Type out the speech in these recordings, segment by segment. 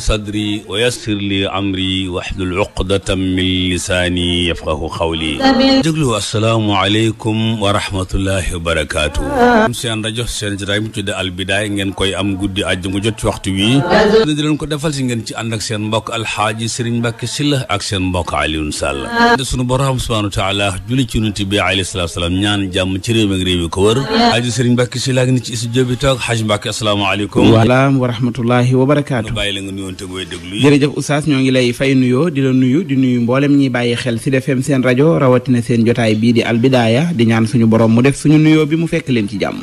sadri wa yassir li amri wahlul uqdatam min lisaani yafqahu qawli déglu assalaamu aleykum wa rahmatullahi wa barakaatu seen rajo seen jotaay mu tudde albidaay ngeen koy am guddi àjjuma mu jot ci waxtu wi di leen ko defal si ngeen ci ànd ak seen mbokk alxaaji Sëriñ Mbàkke Sylla ak seen mbokk Alioune Sall de sunu borom subhaanahu wa taala julli ci yonent bi alayhi salaatu salaam ñaan jàmm ci réew mi ak réew yi ko wër alxaaji Sëriñ Mbàkke Sylla ak ni ci studio bi toog xaj Mbàkke assalaamu aleykum wa rahmatullahi wa barakaatu bàyyi la nga nuyoo woon te koy jërëjëf Oustaz ñoo ngi lay fay nuyoo di la nuyu di nuyu mboolem ñi bàyyi xel Sud FM seen rajo rawatina seen jotaay bii di albidaaya di ñaan suñu borom mu def suñu nuyoo bi mu fekk leen ci jàmm.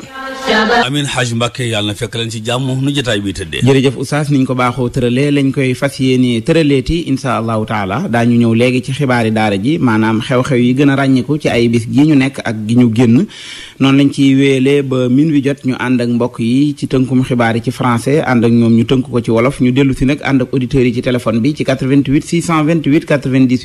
amin xaj Mbàkke yàlla na fekk leen ci jàmm nu jotaay bi tëddee jërëjëf oustaz niñ ko baaxoo tëralee lañ koy fas yéene tëraleeti insha allahu taala daañu ñëw léegi ci xibaari daara ji maanaam xew-xew yi gën a ràññiku ci ay bis gi ñu nekk ak gi ñu génn noonu lañ ciy wéele ba min wi jot ñu ànd mbokk yi ci tënkum xibaar yi ci français ànd ak ñoom ñu tënk ko ci wolof ñu dellu si nag ànd ak auditeurs yi ci téléphone bi ci 88 628 98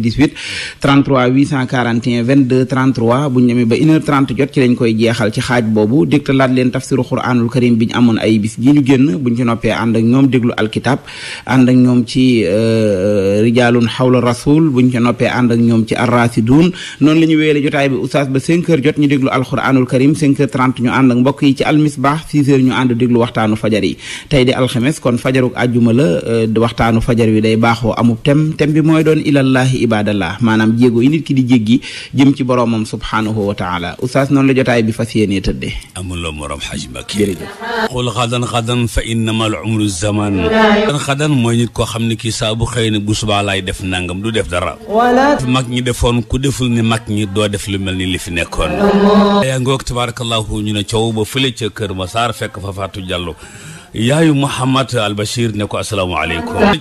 98 33 841 22 33 buñ demee ba 1 heure 30 jot ci lañ koy jeexal ci xaaj boobu dégtalaat leen tafsiru quranul karim bi ñu amoon ay bis ji ñu génn buñ ci noppee ànd ak ñoom déglu alkitab ànd ak ñoom ci euh, rijalun xawla rasul buñ ci noppee ànd ak ñoom ci arrasidun noonu la ñu wéyale jotaay bi oustaz ba 5 heures jot ñu déglu alquranul karim 5 heures 30 ñu ànd ak mbokk yi ci almisbah 6 heures ñu ànd déglu waxtaanu fajar yi tey di alxames kon fajaruk àjjuma la euh, waxtaanu fajar wi day baaxoo amub tem tem bi mooy doon ilallahi ibadallah maanaam jéego yi nit ki di jéggi jëm ci boroomam subhanahu wa taala oustaz noonu la jotaay bi fas yéenee tëddee mënuloo moroom xaj Mbàkke jërëjëf xul xadan xadan fa innama al umru zaman xadan xadan mooy nit koo xam ne kii saa bu xëy ne bu subaa laay def nangam du def dara mag ñi defoon ku deful ni mag ñi doo def lu mel ni li fi nekkoon yaa ngoog tabarakallahu ñu ne coow ba fële ca kër Masaar fekk fa faatu Diallo yaayu Mouhamad Al Bachir ne ko asalaamaaleykum.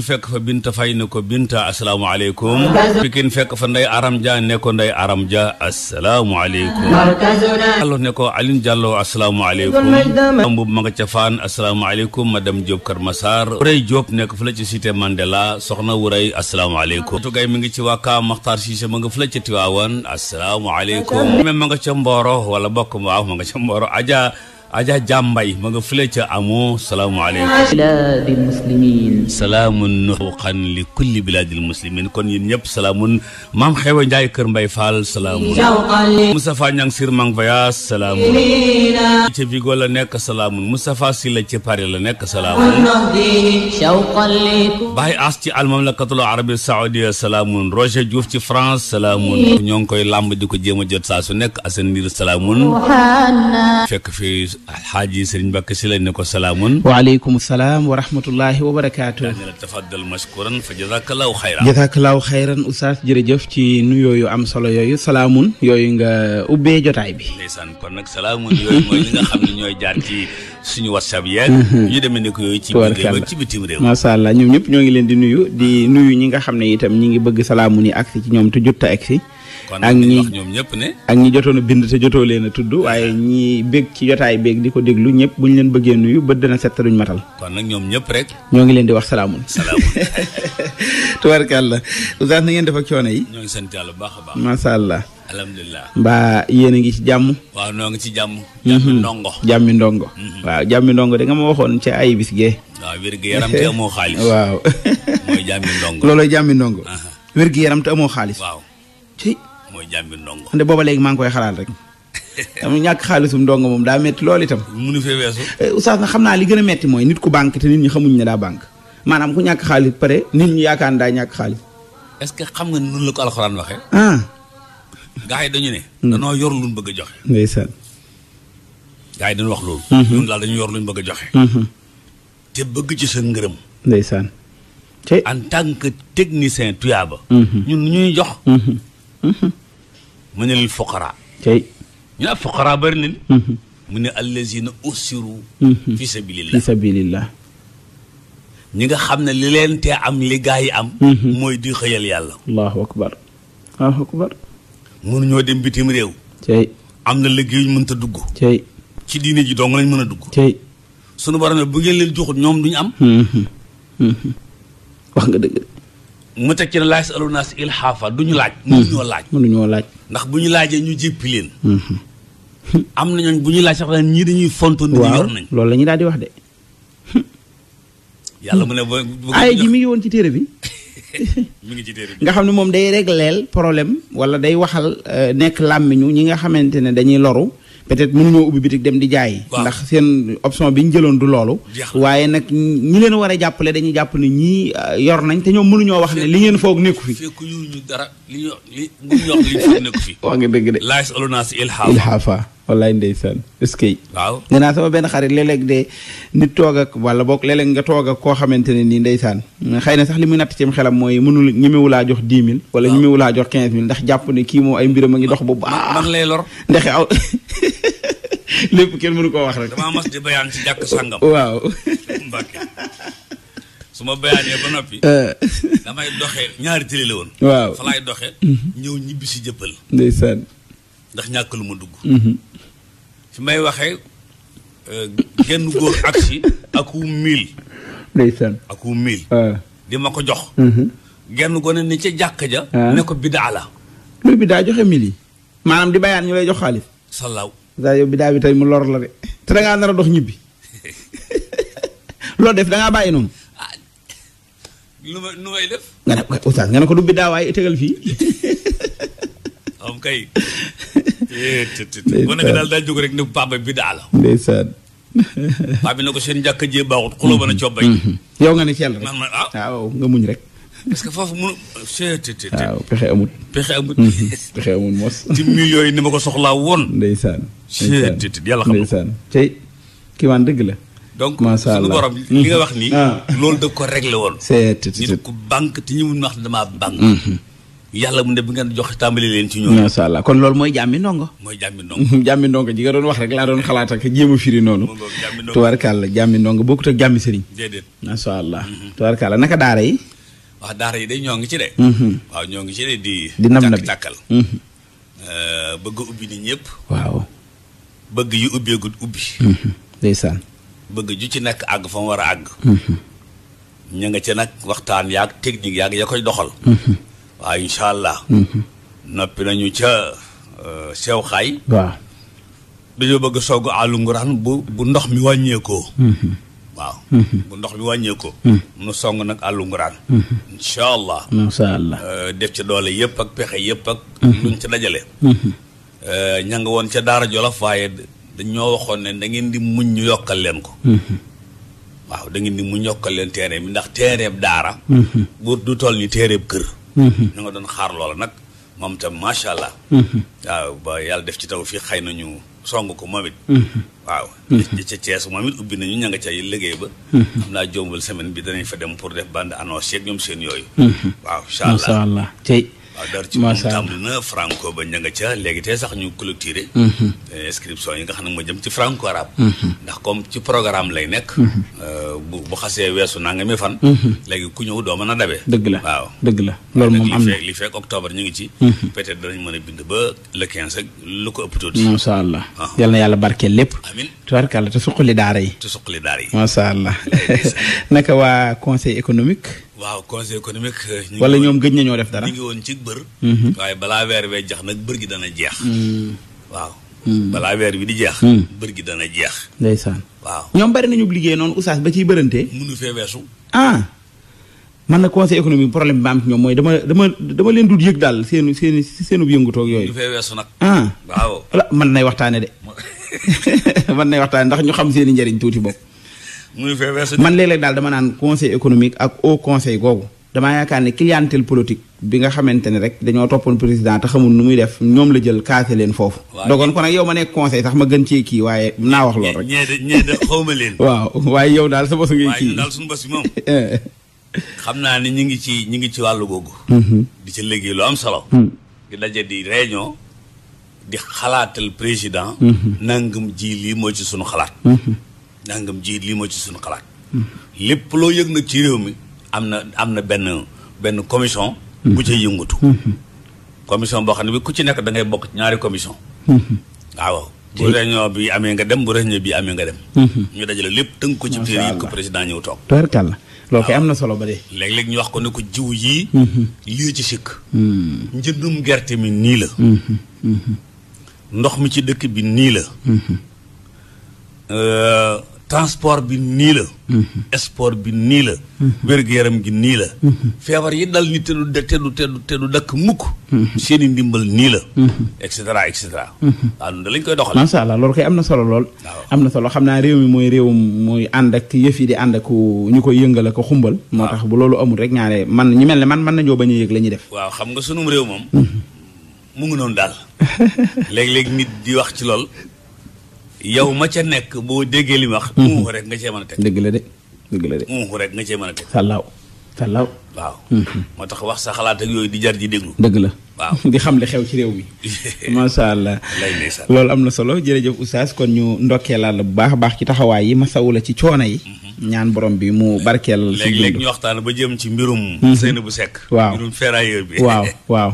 fekk fa Binta Fay ne ko Binta asalaamaaleykum. Pikin fekk fa Ndeye Aram Dia ne ko Ndeye Aram Dia asalaamaaleykum. Diallo ne ko ma nga ca Faan asalaamaaleykum madame Diop Kër Massar. Wurey Diop nekk fële ci cité Mandela soxna Wurey asalaamaaleykum. Tugay mi ngi ci Wakaam Makhtar Cissé ma Mboro wala bokk waaw ma Mboro Adja. Aja Jàmbay ma nga fële ca amoo salaamaaleykum. bilaadil muslimin. salaamun nuxuqan li kulli bilaadil muslimin kon yéen ñëpp salaamun maam Xewa Njaay Kër Mbay Fall salaamun. Moustapha Ñang Sir Mang Voyage salaamun. ca Vigo la nekk salaamun Moustapha Silla ca Paris la nekk salaamun. Baye As ci almamlakatul arabi saoudia salaamun Roger Diouf ci France salaamun. ñoo ngi koy làmb di ko jéem a jot saa su nekk Assane Ndiir salaamun. fekk fii. alxaaji sëriñ Mbàkke si lañ ne ko salaamun waaleykum salaam wa rahmatullahi wa barakaatu daane la tafaddal mashkuran fa jazakallahu xayran jazakallahu xayran oustaz jërëjëf ci nuyoo yu am solo yooyu salaamun yooyu nga ubbee jotaay bi ndeysaan kon nag salaamun yooyu ñooy jaar ci suñu whatsapp yeeg mhm. ñu demee ne ko ci biir réew ak ci bitim réew macha allah ñoom ñëpp ñoo ngi leen di nuyu di nuyu ñi nga xam ne itam ñi ngi bëgg salaamun yi agsi ci ñoom te jutta agsi ak ñi ñoom ñëpp ne ak ñi jotoon a bind te jotoo leen a tudd waaye ñi bég ci jotaay béeg di ko déglu ñëpp bu ñu leen bëggee nuyu bët dana set duñ matal kon nag ñoom ñëpp rek ñoo ngi leen di wax salaamun salaamun tubarkàlla oustaz na ngeen def ak coono yi ñoo ngi sant yàlla bu baax a baax macha allah alhamdulilah mbaa yéen a ngi ci jàmm waaw noo ngi ci jàmm mhm. jàmmi ndongo jàmmi ndongo mhm. waaw jàmmi ndongo da nga ma waxoon ca ay bis gee waaw wér gi yaram te amoo xaalis jàmmi ndongo loolooy jàmmi ndongo wér gi mooy jàmbi ndongo. ndax booba léegi maa ngi koy xalaat rek. am ñàkk xaalisum ndongo moom daa metti loolu itam. munu fee weesu. Eh, oustaz na xam naa li gën a metti mooy nit ku banque te nit ñi xamuñ ne daa banque maanaam ku ñàkk xaalis pare nit ñi yaakaar daa ñàkk xaalis. ce que xam nga noonu la ko alxuraan waxee. ah. gaa yi dañu ne. Hmm. danoo yor luñ bëgg a joxe. ndeysaan. gaa yi dañu wax loolu. Hmm. ñun daal dañu yor luñ bëgg a joxe. Hmm. te bëgg ci sa ngërëm. ndeysaan. te en tant que technicien tuyaaba. ñun ñuy jox. mu ne lil fuqara kay ñu ne ab fuqara bëri nañ mhm. mu ne allazina usiru mhm. fi sabilillah fi sabilillah ñi nga xam ne li leen te am li gaa yi am mhm. mooy di xëyal yàlla allahu akbar allahu akbar dem bitim réew cey am na liggéey ñu mënta dugg cey ci diine ji dong lañ mën a dugg cey suñu borom ne bu ngeen leen joxut ñoom duñu am wax nga dëgg mu teg ci ne laaj sa alu naas ilhaafa du ñu laaj. mënuñoo mm-hmm. laaj mënuñoo laaj. ndax bu ñu laajee ñu jéppi leen. Mm-hmm. am na ñooñ bu ñuy laaj sax dañ ñii dañuy fonto ni yor nañ loolu la ñuy daal di wax de. mu ne ba aaya ji mi ngi woon ci téere bi. mi ngi ci nga xam ne moom day régleel problème wala day waxal euh, nekk làmmiñu ñi nga xamante ne dañuy loru. peut-être mënuñoo ubbi bitik dem di jaay. ndax seen option bi ñu jëloon du loolu. waaye nag ñi leen war a jàppale dañuy jàpp ne ñii euh, yor nañ te ñoom mënuñoo wax ne li ngeen foog nekku fi. fekk yu ñu ñu li ñu wax li ñu foog nekku fi. waa nga dëgg de. laaj olona si ilhaafa wallaay ndeysaan est-ce que waaw nee naa sama benn xarit léeg de nit toog ak wala boog léeg nga toog ak koo xamante ne nii ndeysaan xëy na sax li mu natt cim xelam mooy mënul laa jox dix mille wala ñemewulaa jox quinze mille ndax jàpp ne kii moom ay mbiram a ngi dox bu baax man lay lor ndax aw lépp kenn mënu koo wax rek damaa mas di bayaan ci jàkk sàngam waaw Mbàkke su ma bayaanee ba noppi euh. damay doxe ñaari tëli la woon waaw doxe mhm. ñëw ñibbi si jëppal ndax ñàkk lu ma dugg mhm. fi may waxee euh, genn góor agsi aku mil ndeysaan aku ah. di ma ko jox mm-hmm. genn gone ni ca jàkk ja ah. ne ko bidaa la luy bidaa joxe mil yi maanaam di bayaan ñu lay jox xaalis salaaw saa yow bi tey mu lor la de te dangaa nar a dox ñibbi loolu def dangaa bàyyi noonu ah. lu may lu may def nga ne ko du bidaa waaye tegal fii am mu eh, nekk daal daal jóg rek ne papa bi daal la ndeysaan bi ne ko seen jàkka jee baaxut xuloo ba na cobbay mhm. yow nga ne cell rek ah. Ah, waaw nga muñ rek parce que foofu mënu seet waaw pexe amut pexe amut mhm. pexe amut mos ci millions yi ni ma ko soxlaa woon ndeysaan seet yàlla xam ndeysaan kii maan dëgg la donc suñu borom wax nii ah. loolu dëgg ko réglé woon seet nit ku banque te ñu mun wax damaa banque mhm. yàlla mu ne bu ngeen jox tàmbali leen ci ñoom. macha allah kon lool mooy jàmmi ndongo. mooy jàmmi ndongo jàmmi ndongo ji nga doon wax rek laa doon xalaat ak jéem a firi noonu. tubaarkàlla jàmmi ndongo bokkut ak jàmmi sëriñ. déedéet macha mm-hmm. naka daara yi. waaw daara yi de ñoo ngi ci de. Mm-hmm. waaw ñoo ngi di. di nam na bi càkkal mm-hmm. euh, bëgg ubbi nit ñëpp. waaw. bëgg yu ubbeegul ubbi. ndeysaan. bëgg ju ci nekk àgg fa mu war a àgg. ña nga ca nag waxtaan yaag technique yaag ya koy doxal. waa ah, incha allah. Mhm. noppi nañu ca euh, sew xaay. waaw dañoo bëgg sogg àllu nguraan bu bu ndox mi wàññeekoo. Mhm. waaw. Mhm. bu ndox mi wàññeekoo. nu song nag àllu nguraan. incha allah. allah euh, def ca doole yëpp ak pexe yëpp ak. luñ ca dajale. Euh, ña nga woon ca Daara Jolof waaye dañoo waxoon ne da ngeen di muñ ñu yokkal leen ko. waaw da di muñ yokkal leen teere bi ndax teereeb daara. bu du toll ni teereeb kër. Mhm. ñu nga doon xaar loola nag moom itam macha allah. Mhm. waaw ba yàlla def ci taw fii xëy nañu song ko moom it. Mhm. waaw. ca Thiès moom it ubbi nañu ña nga cay liggéey ba. xam naa jombal semaine bi danañ fa dem pour def bande annonce yeeg ñoom seen yooyu. waaw incha allah macha waaw dar ci moom tàmbali na franco ba mhm. yi xam ne moo jëm ci franco arabe mhm. ndax comme ci programme lay nekk mhm. euh, bu bu xasee weesu naa nga mi fan léegi ku ñëw doo mën a dabee dëgg la waaw dëgg la loolu moom am na li fekk octobre ñu ngi ci peut-être danañ mën a bind ba le quinze lu ko ëpp tuuti macha allah ah. yal na yàlla barkeel lépp amin tubarkàlla te suqali daara yi te suqali daara yi macha allah naka waa conseil économique waaw conseil économique. Euh, wala ñoom gëj nañoo def dara ñu woon ci bër. Mhm. waaye balaa weer wee jeex nag bër gi dana jeex. Mm. waaw. Mm. balaa weer bi di jeex. Mm. bër gi dana jeex. ndeysaan waaw. ñoom bari nañu liggéey noonu oustaz ba ciy bërante. munu fee weesu. ah man na conseil économique problème bi am ñoom mooy dama dama dama leen dul yëg daal seen seen seenu yëngutoog yooyu. munu fee weesu nag. ah waaw. man nay waxtaane de man nay waxtaane ndax ñu xam seen i njariñ tuuti bopp. man léeg-léeg daal dama naan conseil économique ak haut conseil googu damaa yaakaar ne clientèle politique bi nga xamante ne rek dañoo toppoon président te xamul nu muy def ñoom la jël kaase leen foofu. dogoon ko nag yow ma nekk conseil sax ma gën cee kii waaye naa wax lool rek. ñee ñee de leen. waaw waaye yow daal sa bos ngay kii daal suñu bos bi eh. xam naa ni ñu ngi ci ñu ngi ci wàllu googu. Mm-hmm. di ci léegi lu am solo. Mm. di daje di réunion di xalaatal président. Mm-hmm. nangam ji lii moo ci sunu xalaat. Mm-hmm. nangam ji lii moo ci suñu xalaat. lépp loo yëg nag ci réew mi am na am na benn benn commission. bu cay yëngatu. commission boo xam ne bi ku ci nekk da ngay bokk ñaari commission. waaw bu réunion bi amee nga dem bu réunion bi amee nga dem. Mhm. ñu dajale lépp tënk ko ci biir yi ko ñëw toog. tubarkalla loolu am na solo ba de. léeg ñu wax ko ne ko jiw yii. Mhm. lii ci sikk. Mhm. njëndum gerte mi nii la. ndox mi ci dëkk bi nii la. Euh, transport bi nii la. Mm-hmm. sport bi nii la. Mm-hmm. wér-gu-yaram gi nii la. Mm-hmm. feebar yi dal ni te du te du te du dakk mukk. seen ndimbal nii la. et cetera et cetera. waaw noonu lañ koy doxal macha allah loolu kay am na solo lool. am na solo xam naa réew mi mooy réew mooy ànd ak yëf yi di ànd ak ñu koy yëngal ak xumbal. moo tax bu loolu amul rek ñaare man ñu mel ne man mën nañoo bañ a yëg la ñuy def. waaw xam nga sunum réew moom. mu ngi noonu daal. léeg-léeg nit di wax ci lool. yow ma ca nekk boo déggee li wax. Hmm. mu rek nga dëgg la de dëgg la de. mu rek nga a hmm. moo tax wax sa xalaat ak yooyu di jar di déglu. dëgg la. waaw di xam li xew ci réew mi macha allah loolu am na solo jërëjëf oustaz kon ñu ndokkeelaat la bu baax a baax ci taxawaay yi ma sawula ci coono yi hmm. ñaan borom bi mu barkeel léegi léegi ñu waxtaan ba jëm ci mbirum seen bu sekk waaw mbirum ferrailleur bi waaw waaw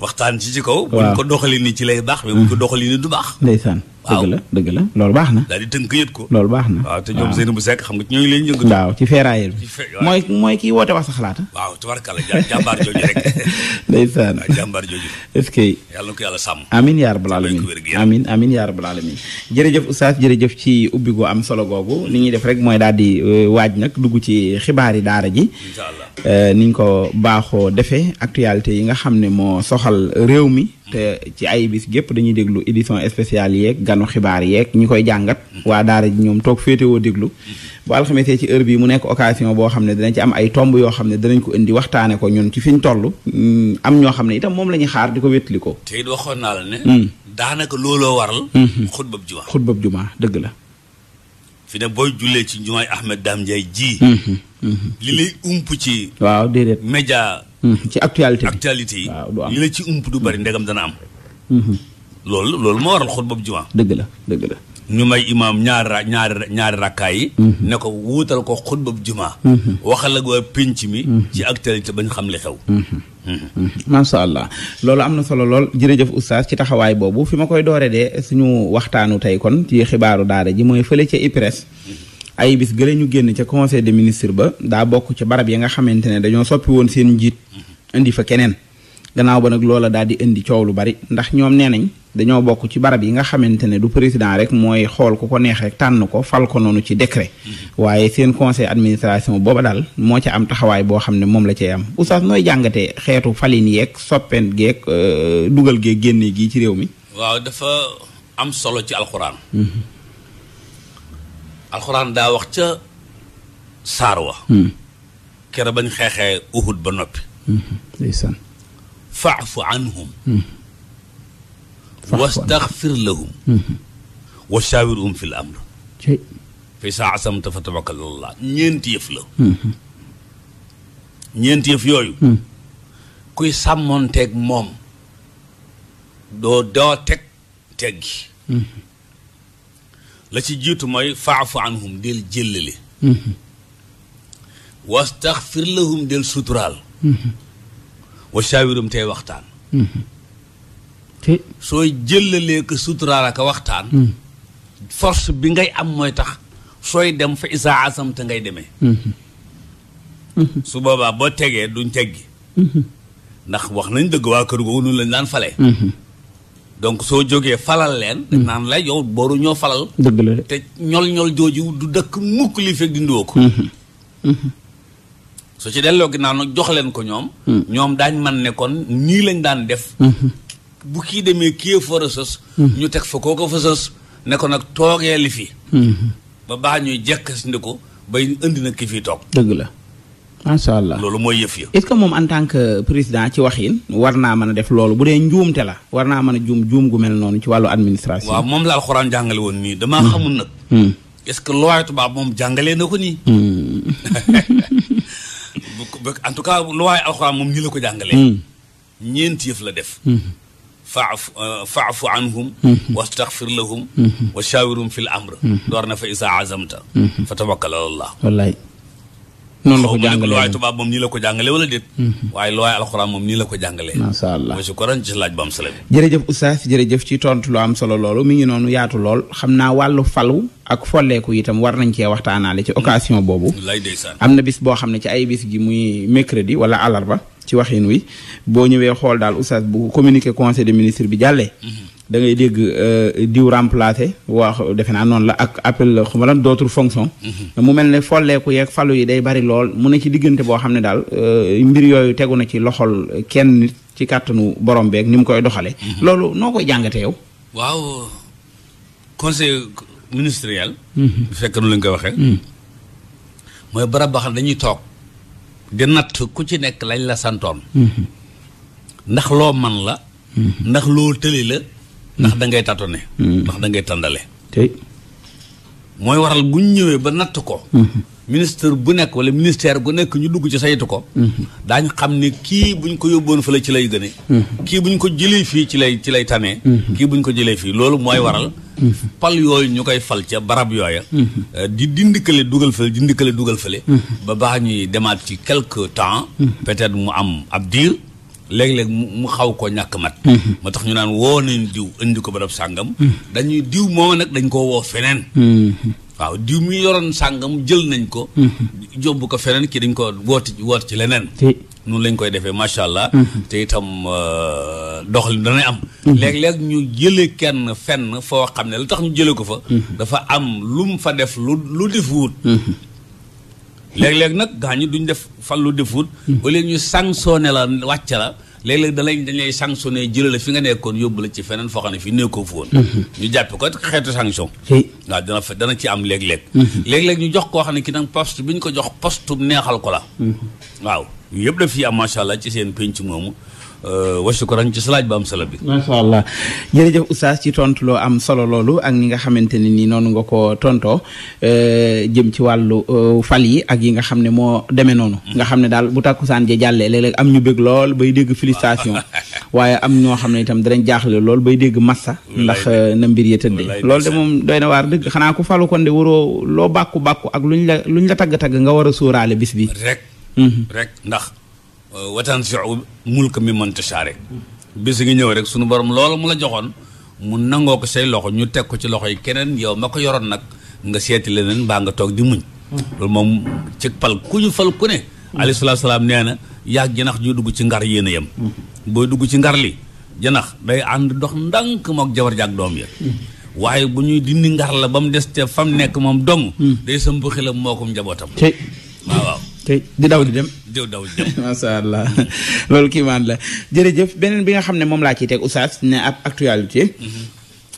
waxtaan ci ci kaw buñ ko doxali ci lay baax mais buñ ko doxali du baax ndeysaan waaw dëgg la dëgg la loolu baax na. daal di tënk ko. loolu baax na waaw te ñoom bu sekk xam nga ñooñu leen yëngatu. waaw ci feeraayel mooy mooy kii woote wax sa xalaat. Ah? waaw tubarkalla jàmbaar jooju rek. ndeysaan jàmbaar ce que. yàlla na ko yàlla sàmm. amiin yaa rabbal alamin amiin amiin yaa rabbal alamin jërëjëf oustaz jërëjëf ci ubbi gu am solo googu li ñuy def rek mooy daal di euh, waaj nag dugg ci xibaari daara ji. incha allah euh, niñ ko baaxoo defee actualité yi nga xam ne moo soxal réew mi te ci ay bis gépp dañuy déglu édition spéciale yeeg ganu xibaar yeeg ñi koy jàngat waa daara ji ñoom toog féetewoo déglu bu alxamesee ci heure bii mu nekk occasion boo xam ne dinañ ci am ay tomb yoo xam ne danañ ko indi waxtaane ko ñun ci fiñ toll am ñoo xam ne itam moom la ñuy xaar di ko wétli ko te it waxoon naa la ne hmm. daanaka looloo waral hmm. xutbab jumaa xutbab jumaa dëgg la fi ne booy jullee ci jumaay Ahmed Dame Ndiaye ji hmm, li lay ump ci waaw déedéet Hmm, ci actualité actualité yi. waaw li la ci ump du bari ndegam dana am. Hmm, hmm. loolu loolu moo waral xutba bu jumaa. dëgg la dëgg ñu may imaam ñaari ra ñaari ñaari rakkaa yi. ne ko wuutal ko xot bu jumaa. waxal ak waa pénc mi. ci actualité bañ xam li xew. macha allah loolu am na solo lool jërëjëf oustaz ci taxawaay boobu fi ma koy dooree de suñu waxtaanu tey kon ci xibaaru daara ji mooy fële ca IPRES. ay bis gële ñu génn ca conseil de ministres ba daa bokk ca barab yi nga xamante ne dañoo soppi woon seen njiit indi fa keneen gannaaw ba nag loola daal di indi coow lu bari ndax ñoom nee nañ dañoo bokk ci barab yi nga xamante ne du président rek mooy xool ku ko neex rek tànn ko fal ko noonu ci décret waaye seen conseil administration booba daal moo ca am taxawaay boo xam ne moom la cee am oustaz nooy jàngatee xeetu falin yeeg soppen geeg euh, dugal geeg génne gi ci réew mi solo ci alxuraan mm-hmm. alxuraan daa wax ca saar wa hmm. kere bañ xeexee uhud ba noppi hmm. ndeysaan faafu anhum hmm. wastaxfir lahum wa shaawirhum fi l fi saa asamta fa tawakkal allah ñeenti yëf la ñeenti yëf yooyu kuy sàmmoonteeg moom doo doo teg teggi la ci jiitu mooy faafu anhum del jëllale mhm. wastaxfir lahum del suturaal mhm. wa shaawirum tey waxtaan mhm. soo jëllalee ko suturaal ak waxtaan force bi ngay am mooy tax sooy dem fa isaa asamte ngay demee su boobaa boo tegee duñ teggi ndax wax nañ dëgg waa kër googu noonu lañ daan fale donc soo jógee falal leen. dañ hmm. naan la yow booru ñoo falal. dëgg la te ñol-ñol jooju du dëkk mukk li fekk dindiwoo ko. Hmm. Hmm. su ci delloo ginnaaw nag jox leen ko ñoom. ñoom daañ man nekkoon kon nii lañ daan def. bu kii demee kii fa rësës. ñu teg fa kooku fa sës ne ko nag toogee li fi. ba baax ñuy jekk si ndi ko bay indi na ki fi toog. dëgg la. macha allah loolu mooy yëf ya. est ce que moom en tant que président ci waxin. war naa mën a def loolu bu dee njuumte la war naa mën a juum juum gu mel noonu ci wàllu administration. waaw moom la alxuraan jàngale woon nii damaa hmm. xamul nag. Hmm. est ce que looy tubaab moom jàngalee na ko nii. Hmm. en tout cas looy alxuraan moom nii la ko jàngalee. ñeenti yëf la def. faaf faafu euh, anhum wastaxfir lahum wa shawirhum fil amr door na fa isa azamta fa tawakkal alallah noonu la ko jàngalee waaye tubaab moom nii la ko jàngalee wala déet. Hmm. waaye looy alxuraan moom nii la ko jàngalee. macha allah mooy si koran ci laaj bu am solo bi. jërëjëf oustaz jërëjëf ci tontu lu am solo loolu mi ngi noonu yaatu lool xam naa wàllu falu ak folleeku itam war nañ cee waxtaanaale ci occasion boobu. am na bis boo xam ne ci ay bis gi muy mercredi wala alarba ci waxin wi boo ñëwee xool daal oustaz bu communiqué conseil des ministres bi jàllee. Mm-hmm. da ngay dégg euh, diw remplacé waa defe naa noonu la ak appel la lan d'autres fonctions mhm. mu mel ne folleeku yeek falu yi day bari lool mu ne ci diggante boo xam ne daal euh, mbir yooyu tegu na ci loxol kenn nit ci kàttanu borom beeg ni mu koy doxale mhm. loolu noo koy jàngate yow waaw conseil ministériel mhm. bu fekk nu la nga waxee mooy barab boo xam dañuy toog di natt ku ci nekk lañ la santoon ndax loo man la ndax loo tëli la ndax da ngay ne hmm. ndax dangay tàndale. tey mooy waral bu ñu ñëwee ba natt ko. Hmm. ministre bu nekk wala ministère bu nekk ñu dugg ci saytu ko. Hmm. daañu xam ni kii bu ñu ko yóbboon fële ci lay gëne. kii bu ñu ko jëlee fii ci lay ci lay tane. kii bu ñu ko jëlee fii loolu mooy waral. pal yooyu ñu koy fal ca barab yooya. Euh, di dindikale dugal fële dindikale dugal fële. ba baax ñuy demaat ci quelque temps. peut-être mu am ab diir. léeg-léeg mu xaw ko ñàkk mat ma mhm. tax ñu naan woo nañ diw indi ko barab sàngam mhm. dañuy diw mooma nag dañ ko woo feneen mhm. waaw diw mi yoroon sàngam jël nañ ko jóbbu ko feneen ki dañ ko wooti woot ci leneen noonu lañ koy defee macha allah te itam euh, doxalin danay am léeg-léeg ñu jële kenn fenn foo xam ne lu tax ñu jële ko fa dafa am lu mu fa def lu lu def wut léeg-léeg nag gaañu duñ def fallu defut au lieu ñu sanctionné la wàcc la léeg-léeg dalañ dañ lay sanctionné jëlee la fi nga nekkoon yóbbu la ci feneen foo xam ne fi nekkoo foon mhm. ñu jàpp ko xeetu sanction waaw dana fa dana ci am léeg-léeg mhm. léeg-léeg ñu jox koo xam ne ki nag poste bi ñu ko jox poste neexal ko la mhm. waaw yëpp la fi am macha allah ci seen penc moomu Euh, wa shukran ci salaaj ba am solo bi. macha allah jërëjëf oustaz ci tontu loo am solo loolu ak ñi nga xamante ne ni noonu nga ko tontoo euh, jëm ci wàllu euh, fal yi ak yi nga xam ne moo demee noonu. nga xam ne daal bu tàkkusaan ja jàllee léeg am ñu bëgg lool bay dégg félicitation waaye am ñoo xam ne itam danañ jaaxle lool bay dégg massa ndax na mbir ya tëddee. loolu de moom doy na waar dëgg xanaa ko falu kon de waroo loo bàkku bàkku ak luñ la luñ la tagg tagg nga war a sóoraale bis bi. Mhm. Euh, wataan si mulka mi mënta saare bis ngi ñëw rek suñu borom loolu mu la joxoon mu nangoo ko say loxo ñu teg ko ci loxo yi keneen yow ma ko yoroon nag nga seeti leneen baa nga toog di muñ loolu moom ci pal ku ñu fal ku ne alayhi salaatu salaam nee na yàgg janax ju dugg ci ngar yéen yem boo dugg ci ngar li janax day ànd dox ndànk mook jabar jàg doom yi waaye bu ñuy dindi ngar la ba mu des te fam nekk moom dong hmm. day sa mbuxi la moo ko njabootam waaw di daw di dem. di daw di dem macha allah loolu kii maan la jërëjëf beneen bi nga xam ne moom laa ciy teg oustaz ne ab actualité. Mhm.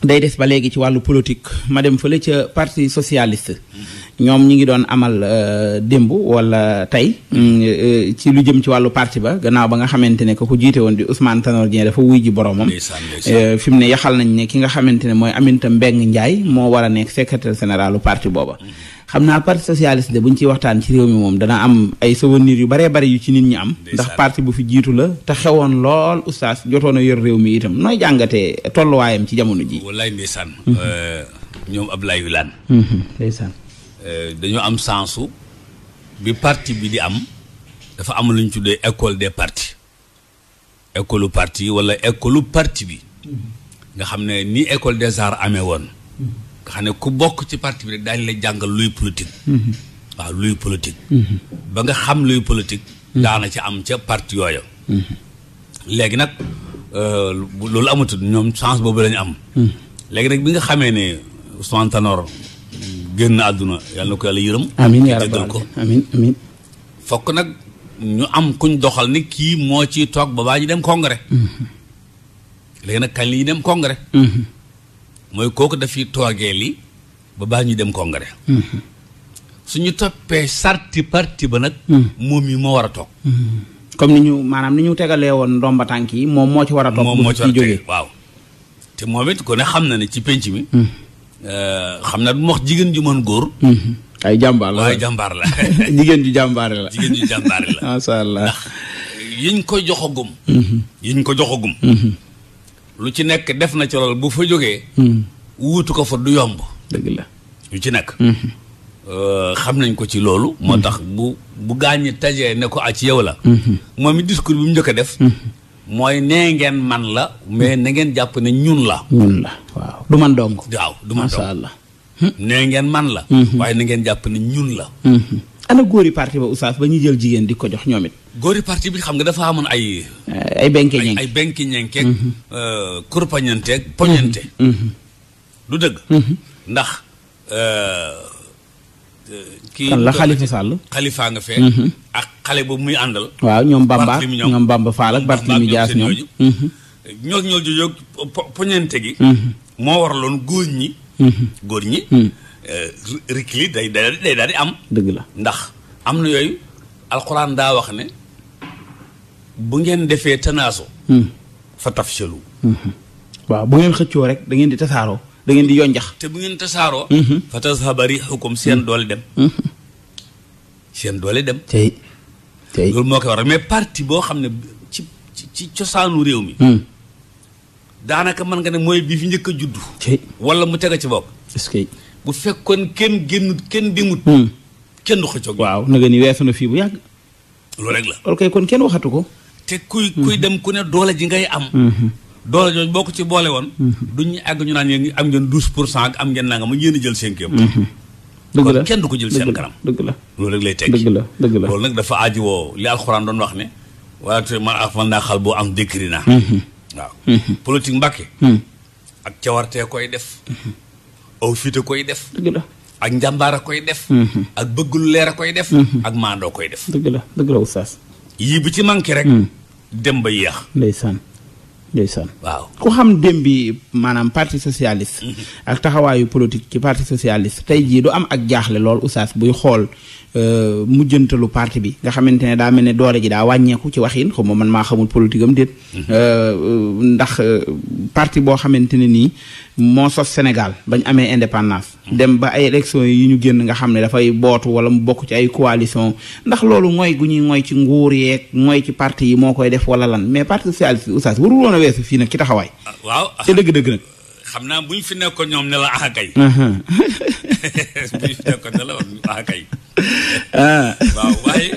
day des ba léegi ci wàllu politique ma dem fële ca parti socialiste. Mhm. ñoom ñi ngi doon amal euh, démb wala tey hmm. mm, euh, ci lu jëm ci wàllu parti ba gannaaw ba nga xamante ne ko ku jiite woon di Ousmane Tanor Dieng dafa wuy ji boromam euh, fi mu ne yaxal nañ ne ki nga xamante ne mooy Aminata Mbengue Ndiaye moo war a nekk secretaire généralu parti booba hmm. xam naa parti socialiste de bu ñu ciy waxtaan ci réew mi moom dana am ay souvenirs yu bare bari yu ci nit ñi am ndax parti bu fi jiitu la te xewoon lool oustaz jotoon a yor réew mi itam nooy jàngatee tolluwaayam ci jamono ji wallaay ndeysaan hmm. ñoom Ablaye Wilane ndeysaan Euh, dañoo am sensu bi partie bi di am dafa am lu ñu tuddee école des partie école partie parti wala école u parti bi nga xam ne ni école des arts amee woon nga xam ne ku bokk ci parti bi rek daañu la jàngal luy politique waaw luy politique ba nga xam luy politique daana ci am ca partie yooya léegi nag euh, loolu amatul ñoom chance boobu lañu am léegi nag bi nga xamee ne Ousmane Tanor génn àdduna yàlla na ko yàlla yërëm. amiin yaa rabbal ko amiin amiin fokk nag ñu am kuñ doxal ni kii moo ci toog ba baa ñu dem congrès. Mhm. léegi nag kañ li ñu dem congrès. Mhm. mooy kooku dafiy toogee li ba baa ñu dem congrès. Mhm. suñu toppee sarti parti ba nag. moom yi moo war a toog. comme ni ñu maanaam ni ñu tegalee woon ndomba tànk yi moom moo ci war a toog. moom moo ci war a toog waaw. te moom it ku ne xam na ne ci penc mi. Euh, xam na du ma wax jigéen ju mën góor. Mm-hmm. ay jàmbaar la jàmbaar la. jigéen ju jàmbaare la. jigéen ju jàmbaare la. macha allah ndax yiñ ko joxagum. Mm-hmm. yiñ ko joxagum. Mm-hmm. lu ci nekk def na ci lool bu fa jógee. wuutu ko fa du yomb. dëgg la lu ci nekk. Euh, xam nañ ko ci loolu. moo tax bu bu gaañ tajee ne ko a ci yow la. moom it discours bi mu njëkk a def. mooy nee ngeen man la mais na ngeen jàpp ne ñun la. ñun la waaw du man doom ko du man dong macha allah. Hmm? nee ngeen man la. Mhm. waaye na ngeen jàpp ne ñun la. Mhm. ana góori parti ba oustaz ba ñu jël jigéen di ko jox ñoom it. góori parti bi xam nga dafa amoon ay. Eh, ay benki ñenk ay benki ñenkeeg. Mhm. Euh, kurpañanteeg poñante. du dëgg. ndax. Euh, kii kan la Khalifa Sall. Khalifa nga fee. Mhm. ak xale boobu muy àndal. waaw ñoom Bamba ñoom Bamba Fall ak Barthélémy jaas ñoom. Mhm. ñoo ñoo jóg poñente gi. Mhm. moo loon góor ñi. góor ñi. Eh, rikli day day daal di am. dëgg la ndax am na yooyu alxuraan daa wax ne bu ngeen defee tanaaso. fa tafshalu. waaw bu ngeen xëccoo rek da di tasaaroo. da ngeen di yonjax te bu ngeen tasaaroo mhm. fa tazhaba riihukum seen doole dem mhm. seen doole dem tey tey loolu moo koy war a mais parti boo xam ne ci ci cosaanu réew mi mhm. daanaka mën nga ne mooy bii fi njëkk a juddu wala mu tega ci bopp est-ce que bu fekkoon kenn génnut kenn dimut kenn du xëccoog waaw na nga ni weesu na fii bu yàgg loolu rek kon kenn waxatu ko te kuy kuy dem ku ne doole ji ngay am doole jooju boo ko ci boole woon. Mhm. du ñu àgg ñu naan yéen am ngeen douze pour cent ak am ngeen nangam ma yéen a jël cinquième. Mhm. dëgg la kon kenn du ko jël seen kanam. dëgg la loolu la dëgg la loolu nag dafa aaji woo li alxuraan doon wax ne. wala te man ak man naa xal boo am décrit naa. Mhm. waaw. politique mbàkke. ak cawartee koy def. aw fite koy def. dëgg la ak njàmbaar koy def. ak bëgg lu leer a koy def. ak maandoo koy def. dëgg la dëgg la yii bu ci manqué rek. dem ba yéex. ndeysaan. ndeysaan waaw ku xam démb bi maanaam parti socialiste. Mhm. ak taxawaayu politique ci parti socialiste tey jii du am ak jaaxle lool oustaz buy xool euh, mujjantalu parti bi nga xamante ne daa mel ne doole ji daa wàññeeku ci waxin xaw ma man maa xamul politique am déet. Mhm. Euh, euh, ndax parti boo xamante ne nii moo sos Sénégal bañ amee indépendance. Mhm. dem ba ay élections yi ñu génn nga xam ne dafay bootu wala mu bokk ci ay coalition ndax loolu mooy gu ñuy mooy ci nguur yeek mooy ci parti yi moo koy def wala lan mais a weesu fii nag ci taxawaay. Ah, waaw te dëgg-dëgg nag. xam naa bu ñu fi nekkoon ñoom ne la ah kay. bu ñu fi nekkoon ah, ah. waaw waaye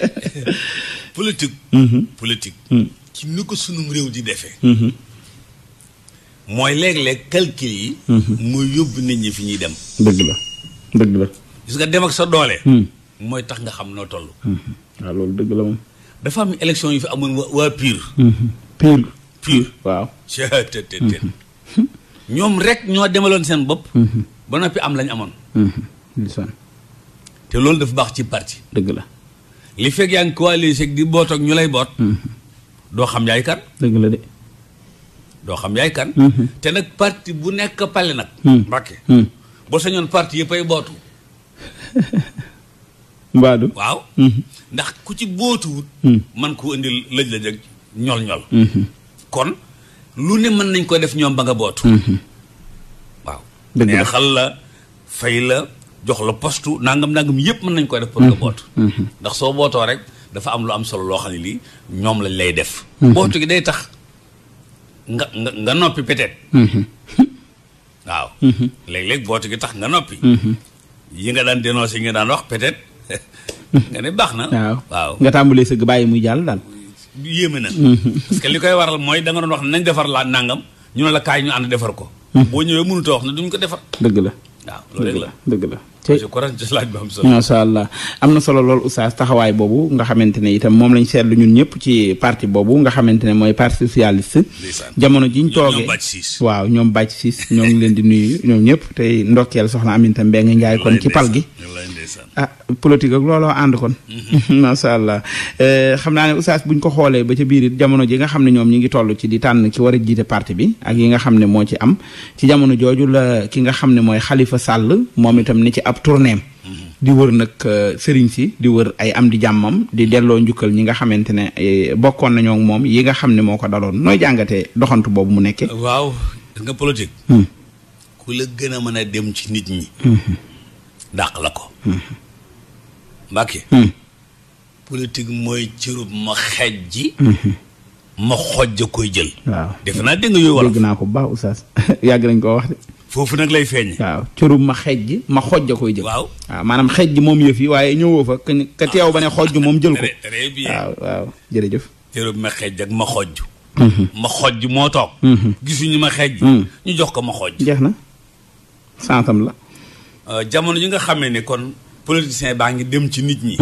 politique. Mm-hmm. politique. Mm. ci ni ko sunum réew di defee. Mm-hmm. mooy léeg-léeg calcul yi. Mm-hmm. muy yóbbu nit ñi fi ñuy dem. dëgg la dëgg la. dem ak sa doole. Mm. mooy tax nga xam noo toll. waaw loolu dëgg la moom. dafa am élection yu fi amoon waa waa Pire. pur waaw cttt ñoom rek ñoo demaloon seen bopp mm-hmm. ba noppi am lañ amoon mm-hmm. te loolu dafa baax ci parti dëgg la li fekk yaa ngi coalisé di boot ak ñu lay boot mm-hmm. doo xam yaay kan dëgg la de xam yaay te nag parti bu nekk pale nag mbàkke boo sañoon parti yëpp ay bootu mbaadu waaw ndax ku ci bootuwut man ko indi lëj lëj ak ñol ñol kon lu ne mën nañ ko def ñoom ba nga bootu. Mhm. waaw. neexal la fay la jox la postu nangam nangam yëpp mën nañ ko def. pour nga mhm. Mhm. ndax soo bootoo rek dafa am lu am solo loo xam ne lii ñoom lañ lay def. bootu gi day tax nga nga noppi peut-être. waaw. léeg-léeg bootu gi tax nga noppi. yi nga daan dénoncé yi nga daan wax peut-être nga ne baax na. waaw nga tàmbalee sëgg bàyyi muy jàll daal. yéeme na. Mm-hmm. parce que li koy waral mooy da nga doon wax nañ defar laa nangam ñu ne la kaay ñu ànd defar ko. Mm-hmm. boo ñëwee mënut a wax ne duñ ko defar. dëgg la waaw loolu la dëgg la. macha allah am na solo lool oustaz taxawaay boobu nga xamante ne itam moom lañ seetlu ñun ñëpp ci parti boobu nga xamante ne mooy parti socialiste jamono jiñ toogee waaw ñoom bàcc siis ñoo ngi leen di nuyu ñoom ñëpp tey ndokkeel soxna Aminata Mbengue Ndiaye kon ci pal gi ah politique ak looloo ànd kon mm-hmm. macha allah eh, xam naa ne oustaz buñ ko xoolee ba ca biir it jamono ji nga xam ne ñoom ñi ngi toll ci di tànn ki war a jiite parti bi ak yi nga xam ne moo ci am ci jamono jooju la ki nga xam ne mooy xalifa Sall ab tournéem di wër nag euh, sëriñ si di wër ay am di jàmmam di delloo njukkal ñi nga xamante ne eh, bokkoon nañoo moom yi nga xam ne moo ko daloon nooy jàngate doxantu boobu mu nekkee. waaw gis nga politique. Hmm. ku la gën a mën a dem ci nit ñi. Hmm. la ko. Hmm. Mbàkke. politique mooy cërub ma xej naa ko baax oustaz yàgg nañ koo wax de. foofu nag lay feeñe waaw curu ma xejj ma xojj a koy jël waaw waaw maanaam xejj moom yëf yi waaye ñëwoo fa ka teew ba ne xojj moom jël ko très bien waaw waaw bu ma xejj ak ma xojj mhm. ma xojj moo toog mhm. gisuñu ma xejj mhm. ñu jox ko ma xojj jeex na santam la euh, jamono ji nga xamee ne kon politicien baa ngi dem ci nit ñi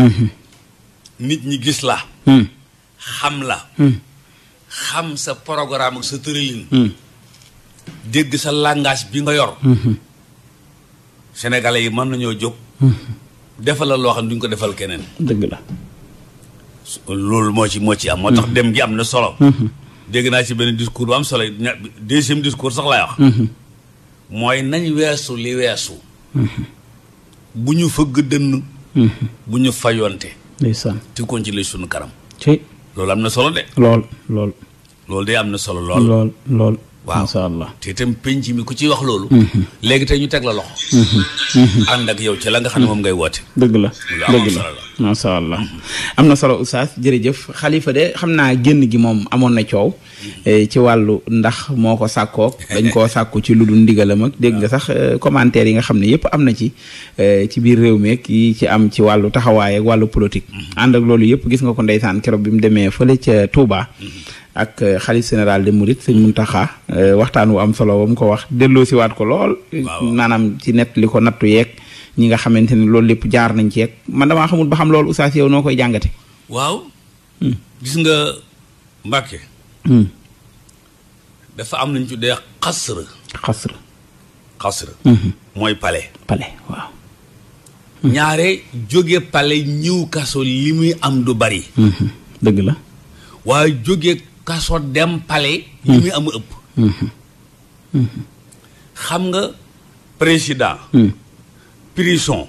nit ñi gis la xam la xam sa programme ak sa tërëlin dégg sa langage bi nga yor. Mhm. sénégalais yi mën nañoo jóg. Mhm. defalal loo xam duñ ko defal keneen. dégg la. loolu moo ci moo ci am. moo tax mhm. dem gi am na solo. dégg naa si benn discours bu am solo yi deuxième discours sax laay wax. mooy nañ weesu li weesu. bu ñu fëgg dënn. bu ñu fayonte. ndeysaan te kon ci lay sunu karam. loolu am na solo de. lool lool. loolu de am na solo lool. lool lool. waaw incha allah te itam penc mi ku ci wax loolu. Mhm. léegi te ñu teg la loxo. Mhm. Mhm. ànd ak yow ci la nga xam ne moom ngay woote. dëgg la ma la macha allah. am na solo oustaz jërëjëf xalifa de xam naa génn gi moom amoon na coow. Eh, ci wàllu ndax moo ko sàkkoog dañ koo sàkku ci lu dul ndigalam ak dégg nga sax eh, commentaire yi nga xam ne yëpp am na ci eh, ci biir réew meeg yi ci am ci wàllu taxawaay wàllu politique. ànd ak loolu yëpp gis nga ko ndeysaan keroog bi mu demee fa ca Touba. ak euh, xalif général de sañ sëñ Muntaxa euh, waxtaan wu am solo mu ko wax delloo si waat ko lool. maanaam ci net ko nattu yeeg ñi nga xamante ne loolu lépp jaar nañ ci yeeg man damaa xamul ba xam loolu oustaz yow noo koy jàngate hmm. nga Mbàkke. Hmm. dafa am lu ñu tuddee xasra. xasra. xasra. Hmm. mooy pale pale waaw. ñaare jóge palais ñëw kaso li muy am du bari. dëgg la. waaye jóge kaso dem pale hmm. li muy am ëpp. Hmm. Hmm. xam nga président. prison.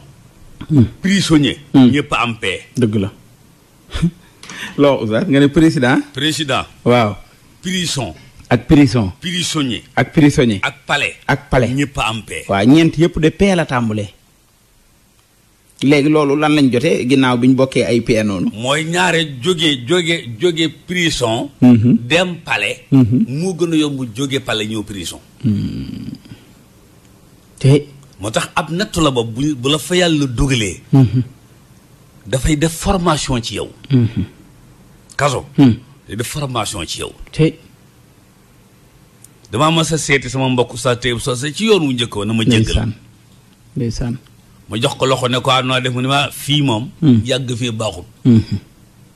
prisonnier. ñëpp am paix. dëgg la loo oustaz nga ne président. président waaw. prison. ak prison. prisonnier. ak prisonnier. ak palais. ak palais ñëpp am paix. waaw ñeent yëpp de paix la tàmbalee. léegi loolu lan lañ jotee ginnaaw bi ñu bokkee ay PN mooy ñaare jóge jóge jóge prison. Mhm. dem palais. Mhm. moo gën a yomb jóge palais ñëw prison. Mhm. te. moo tax ab nattu la ba bu bu la fa yàlla dugalee. dafay def formation ci yow. kaso. def formation ci yow. te. dama mas a seeti sama mbokk sa teeb soo ci yoon wu njëkk na ma jéggal ndeysaan ma jox ko loxo ne ko am ah noo def mu ne ma fii moom hmm. yàgg fee baaxul hmm.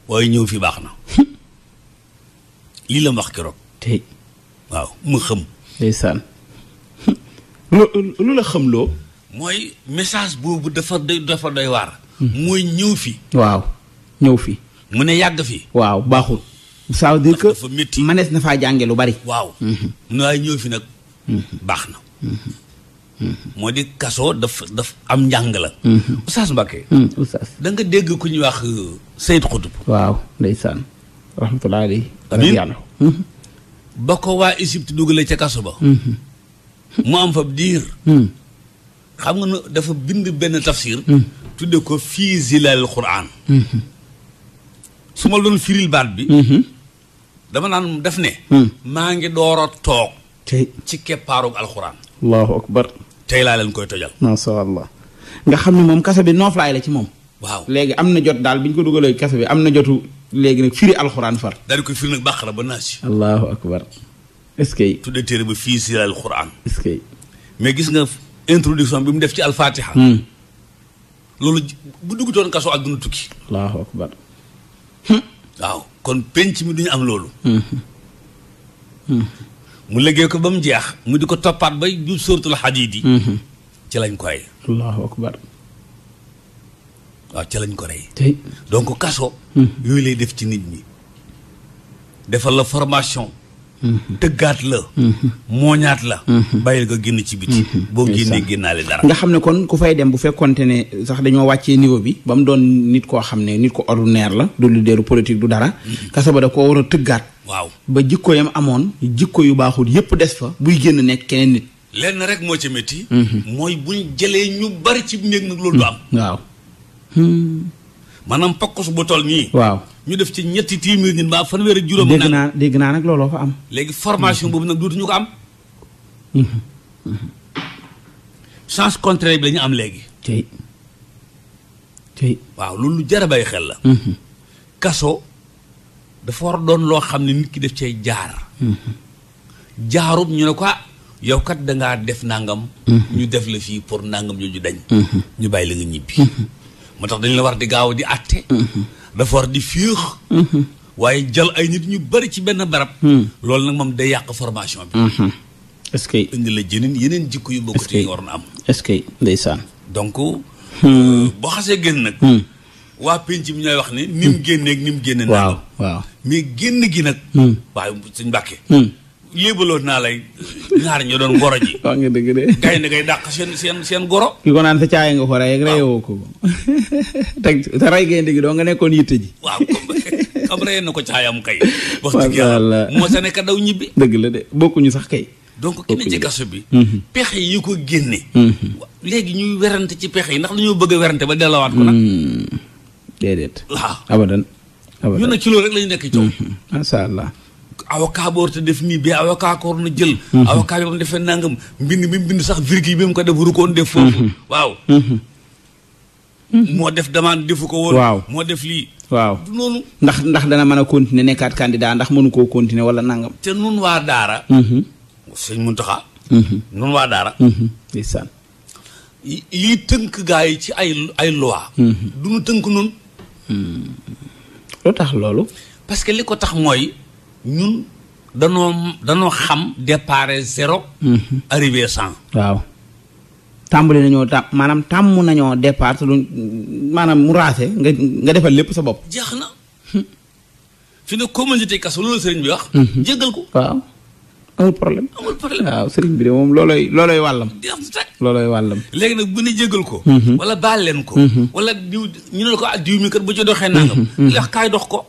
waaye ñëw fi baax na lii la wax keroog tey waaw mu xëm ndeysaan lu la xam loo mooy message boobu dafa doy dafa doy waar hmm. mooy ñëw fi waaw ñëw fi mu ne yàgg fi waaw baaxul ça veut dire que dafa manees na faa jànge lu bari waaw mu ñëw fi nag baax na moo di kaso daf am njàng la. Mhm. Oustaz Mbacké. Mhm, oustaz nga dégg ku ñuy wax euh, Seyd Xutub. waaw ndeysaan. rahmatulah aleyhi. amiin mhm. ba ko waa Égypte dugalee ca kaso ba. mu am fab diir. xam nga dafa bind benn tafsir. tudde ko fii zilal su ma doon firil baat bi. dama naan def ne. maa ngi door a toog. ci keppaarug alxuraan. allahu akbar tey laa leen koy tojal macha allah nga xam ne moom kase bi nooflaay la ci moom waaw léegi am na jot daal bi ñu ko dugalee kase bi am na jotu léegi nag firi alxuraan far daal di koy firi nag bàqara ba naasi allahu akbar est-ce que tudde téere ba fii si alxuraan est-ce que mais gis nga introduction bi mu def ci alfatiha hmm. loolu bu duggutoon kaso àdduna tukki allahu akbar hmm. waaw kon penc mi duñu am loolu hmm. mu liggéey ko ba mu jeex mu di ko toppaat ba du sóoratul xadiid yi mm-hmm. ca lañ ko rey waaw ci lañ ko rey donc kaso mm-hmm. yooyu lay def ci nit ñi defal la formation Mm-hmm. tëggaat la mm-hmm. mooñaat la mm-hmm. bàyyil nga génn ci biti boo génnee génnaale dara nga xam ne kon ku fay dem bu fekkonte ne sax dañoo wàccee niveau bi ba mu doon nit koo xam ne nit ko ordinaire la du leaderu politique du dara kaso ba da koo war a tëggaat waaw ba jikko yam amoon jikko yu baaxul yépp des fa buy génn nekk keneen nit lenn rek moo ci métti mooy buñ jëlee ñu bari ci néeg nag loolu du am waaw hmm. maanaam pokkus bu toll nii waaw ñu def ci ñetti téeméer ñun mbaa fanweer ak juróom. dégg naa dégg naa nag looloo fa am. léegi formation boobu nag dootuñu ko am. sens contraire bi la am léegi. tey waaw loolu lu jar a bàyyi xel la. Mhm. kaso dafa war doon loo xam ne nit ki def cee jaar. Mhm. jaarub ñu ne ko ah, yow kat dangaa def nangam. Mhm. ñu def la fii pour nangam ñu dañ. ñu bàyyi la nga ñibbi. moo tax dañ la war di gaaw di àtte. dafa war di fiix mhm. waaye jël ay nit ñu bari ci benn barab hmm. loolu nag moom day yàq formation bi mhm. est que indi la jënin yeneen jikko yu bokkut yi war na am est-ce que ndeysaan donc hmm. boo xasee génn nag hmm. waa penc mi ñooy wax ni mu génneeg ni mu génne waaw waaw mais génn gi nag waaye bu suñ mbàkkee léebaloon naa lay ñaar ñoo doon goro ji. wax nga dëgg de. gaynde seen goro. ki ko naan sa caay nga ko ko. teg te gaynde gi doo nga nekkoon yitte ji. waaw xam rey ko caayam kay. wax dëgg moo sa nekk daw ñibbi. dëgg la de bokkuñu sax kay. donc ki ne ci kaso bi. Mhm. pexe yi ko génne. Mhm. léegi ñuy werante ci pexe yi ndax dañoo bëgg a werante ba dellowaat ko nag. Mhm. déedéet. waaw abadan abadan ñu ne ci loolu rek la nekk coow. macha allah. aw ba war a def nii ba avocat ko war na jël. Mhm. avocat bi mu defee nangam mbind bi mu bind sax virgule bi mu ko def waru koon def. foofu mhm. waaw. Mhm. moo def demande defu ko woon. waaw moo def lii. waaw du ndax ndax dana mën a continuer nekkaat candidat ndax mënu koo continuer wala nangam. te nun waa Daara. sëñ Mountakha. nun waa Daara. ndeysaan. lii tënk gaa yi ci ay ay loi. du nu tënk noonu. Hmm. lu tax loolu. parce que li ko tax mooy. ñun danoo danoo xam départ zéro. Mhm. arrivé cent. waaw tàmbali nañoo tà maanaam tàmm nañoo départ lu maanaam mu raase nga nga defal lépp sa bopp. jeex na fi nga communité kaso loolu sëriñ bi wax. Mhm. jéggal ko waaw. amul problème amul problème waaw sëriñ bi de moom loolooy loolooy wàllam loolooy wàllam léegi nag bu ne jegal ko mhm. wala baal leen ko mhm. wala diw ñu ne ko ah diw mi kat bu ci doxee nangam mhm. lex kaay dox ko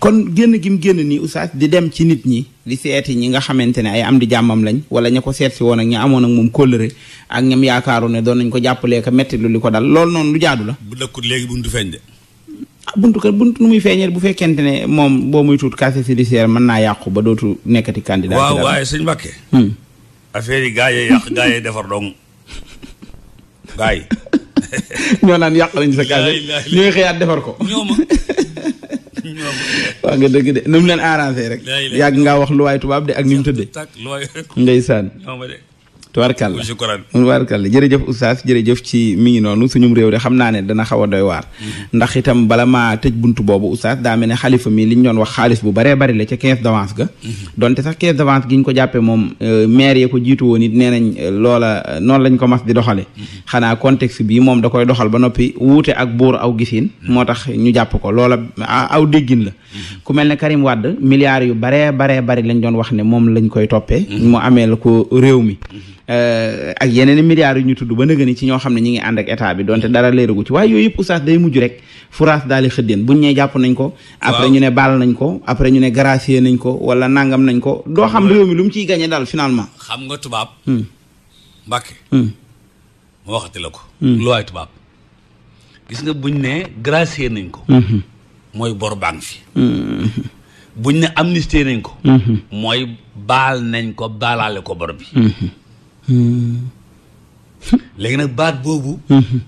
kon génn gi mu génn nii oustaz di dem ci nit ñi di seeti ñi nga xamante ne ay am di jàmmam lañ wala ña ko seet si woon ak ña amoon ak moom kóllëre ak ñam yaakaaru ne doon nañ ko jàppalee ka metti lu li ko dal loolu noonu lu jaadu la bu dëkkut léegi bu ñu de buntu kër buntu nu muy feeñee bu fekkente ne moom boo muy tuut casier judiciaire mën naa yàqu ba dootu nekkati candidat. waaw waaye sëñ Mbakke. Hmm. affaire yi gaa yi yàq defar dong gaa ñoo naan yàq nañ sa casier ñooy xëyaat defar ko. ñoom waa nga dëgg de nu leen arrangé rek. yàgg ngaa wax lu waay tubaab de ak ni mu tëddee. ndeysaan. tubaarkàlla tubaarkàlla jërëjëf oustaz jërëjëf ci mi ngi noonu suñum réew de xam naa ne dana xaw a doy waar mhm. ndax itam bala maa tëj bunt boobu oustaz daa mel ne xalifa mi li ñu doon wax xaalis bu baree bari la ca quinze d'avance ga mhm. donte sax quinze d'avance gi ko jàppee moom euh, maire ya ko jiitu woon it nee nañ euh, loola euh, noonu lañ ko mas di doxale mhm. xanaa contexte bi moom da koy doxal ba noppi wuute ak buur aw gisin moo tax ñu jàpp ko loola aw déggin la ku mel ne Karim Wade milliards yu baree baree bari lañ doon wax ne moom lañ koy toppee mu amee la ko réew mi Euh, ak yeneen i milliards yu ñu tudd ba nëga ni ci ñoo xam ne ñu ngi ànd ak état bi donte dara leeragu ci waaye yooyu yëpp oustaz day mujj rek furaas daal di xëddeen buñ ñee jàpp nañ ko après ñu ne baal nañ ko après ñu ne gracier nañ ko wala nangam nañ ko doo xam ne mi lu mu ciy gañe daal finalement xam nga tubaab hmm. mbàkke hmm. ma waxati la ko hmm. lu waay tubaab gis nga buñ ne gracier nañ ko mooy bor banque fi buñ ne amnistie nañ ko mooy baal nañ ko baalaale ko bor bi Hmm. léegi nag baat boobu. Hmm.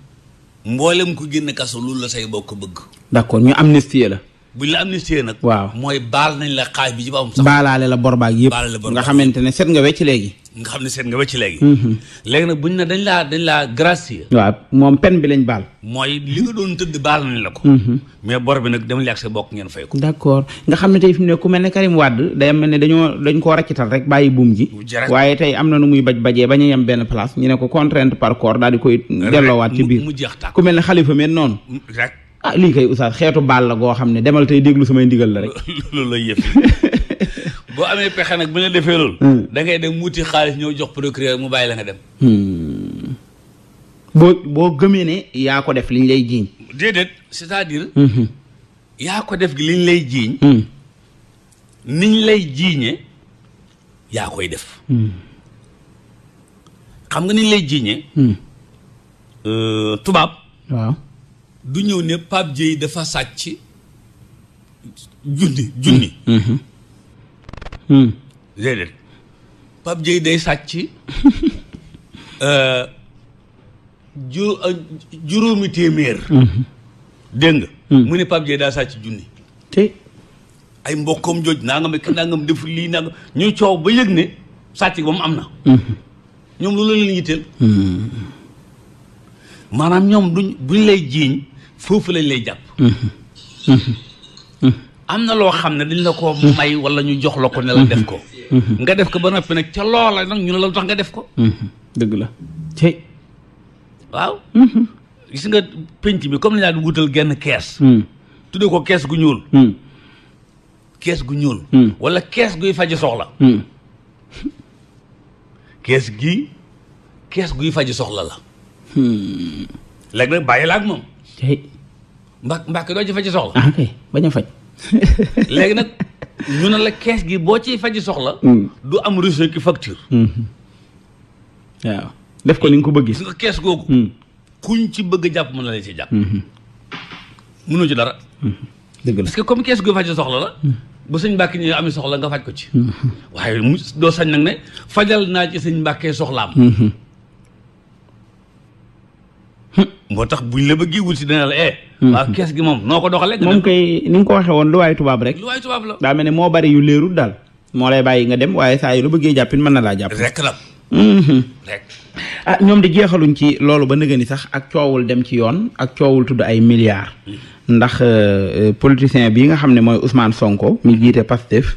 mboolem ku génn kaso loolu la say bokk bëgg. d'accord ñu am amnistie la. buñ la amnistie nag. waaw mooy baal nañ la xaaj bi ci ba am sax. baalaale la bor baag la bor nga xamante ne set nga wecc léegi. nga xam ne seet nga ba ci léegi. Mhm. léegi nag buñ ne dañ laa dañ laa gracier. waaw moom pen bi lañ baal. mooy li nga doon tëdd baal nañ la ko. Mhm. mais bor bi nag dem yàgg sa bokk ngeen fay ko. d' nga xam ne tey fi mu ne ku mel ne Karim wàdd day mel ne dañoo dañ koo raccital rek bàyyi buum gi. waaye tey am na nu muy baj bajee bañ a yem benn place ñu ne ko contrainte par corps daal di koy. delloowaat ci biir mu jeex ku mel ne xalifa meen noonu. rek ah lii kay oustaz xeetu baal la goo xam ne demal tey déglu samay ndigal la rek. loolu lay yëf boo amee pexe nag bu ñu defee loolu. Hmm. dangay dem wuti xaalis ñëw jox procureur mu bàyyi la nga dem. Hmm. boo boo gëmee ne yaa ko def liñ lay jiiñ. déedéet c'est-à-dire. Hmm. yaa ko def liñ lay jiiñ. niñ lay jiiñee yaa koy def. xam nga niñ lay jiiñee. Euh, tubaab waaw. du ñëw ne Pape Dieye dafa sàcc junni junni déedéet day sàcc euh, ju juróomi téeméer dégg hmm. mu ne Pape Dieye daa sàcc junni te ay mbokkom jooj naa nga ma ki nga ma def lii naa nga ñu coow ba yëg ne sàcc ba mu am na hmm. ñoom loolu la leen hmm. maanaam ñoom duñ buñ lay jiiñ foofu lañ lay jàpp mm-hmm. Mm-hmm. Mm-hmm. am na loo xam ne dañ la ko may wala ñu jox la ko ne la def ko nga def ko ba noppi nag ca loola nag ñu ne la lu tax nga def ko dëgg la tey waaw gis nga penc bi comme ni laa di wutal genn kees tudde ko kees gu ñuul kees gu ñuul wala kees guy faji soxla kees gi kees guy faji soxla la hmm. léegi nag bàyyi la ak moom tey. mbàkk mbàkk doo ci faji soxla. ah bañ a faj. léegi nag ñu ne la kees gi boo ci faji soxla. Hmm. du am reçu ki facture. Hmm. waaw def ko li nga ko bëggee. gis nga kees googu. Hmm. kuñ ci bëgg jàpp mën na la ci jàpp. mënoo ci dara. dëgg la parce que comme kees gu faji soxla la. bu sëñ mbakki ñëwee amee soxla nga faj ko ci. waaye mu doo sañ nag ne fajal naa ci sëñ Mbàkke soxlaam. moo tax buñ la bëggee wut si dana la eh. Hmm. waaw gi moom noo ko doxalee. moom koy ni nga ko waxee woon lu waay tubaab rek. lu waay tubaab la. daa ne moo bari yu leerul daal. moo lay bàyyi nga dem waaye saa yu lu bëggee jàppin mën na laa jàpp. rek la. Hmm. rek. ah ñoom di jeexaluñ ci loolu ba nëgëni sax ak coowul dem ci yoon ak coowul tudd ay milliards. Hmm. ndax euh, politicien bii nga xam ne mooy Ousmane Sonko mi jiite Pastef.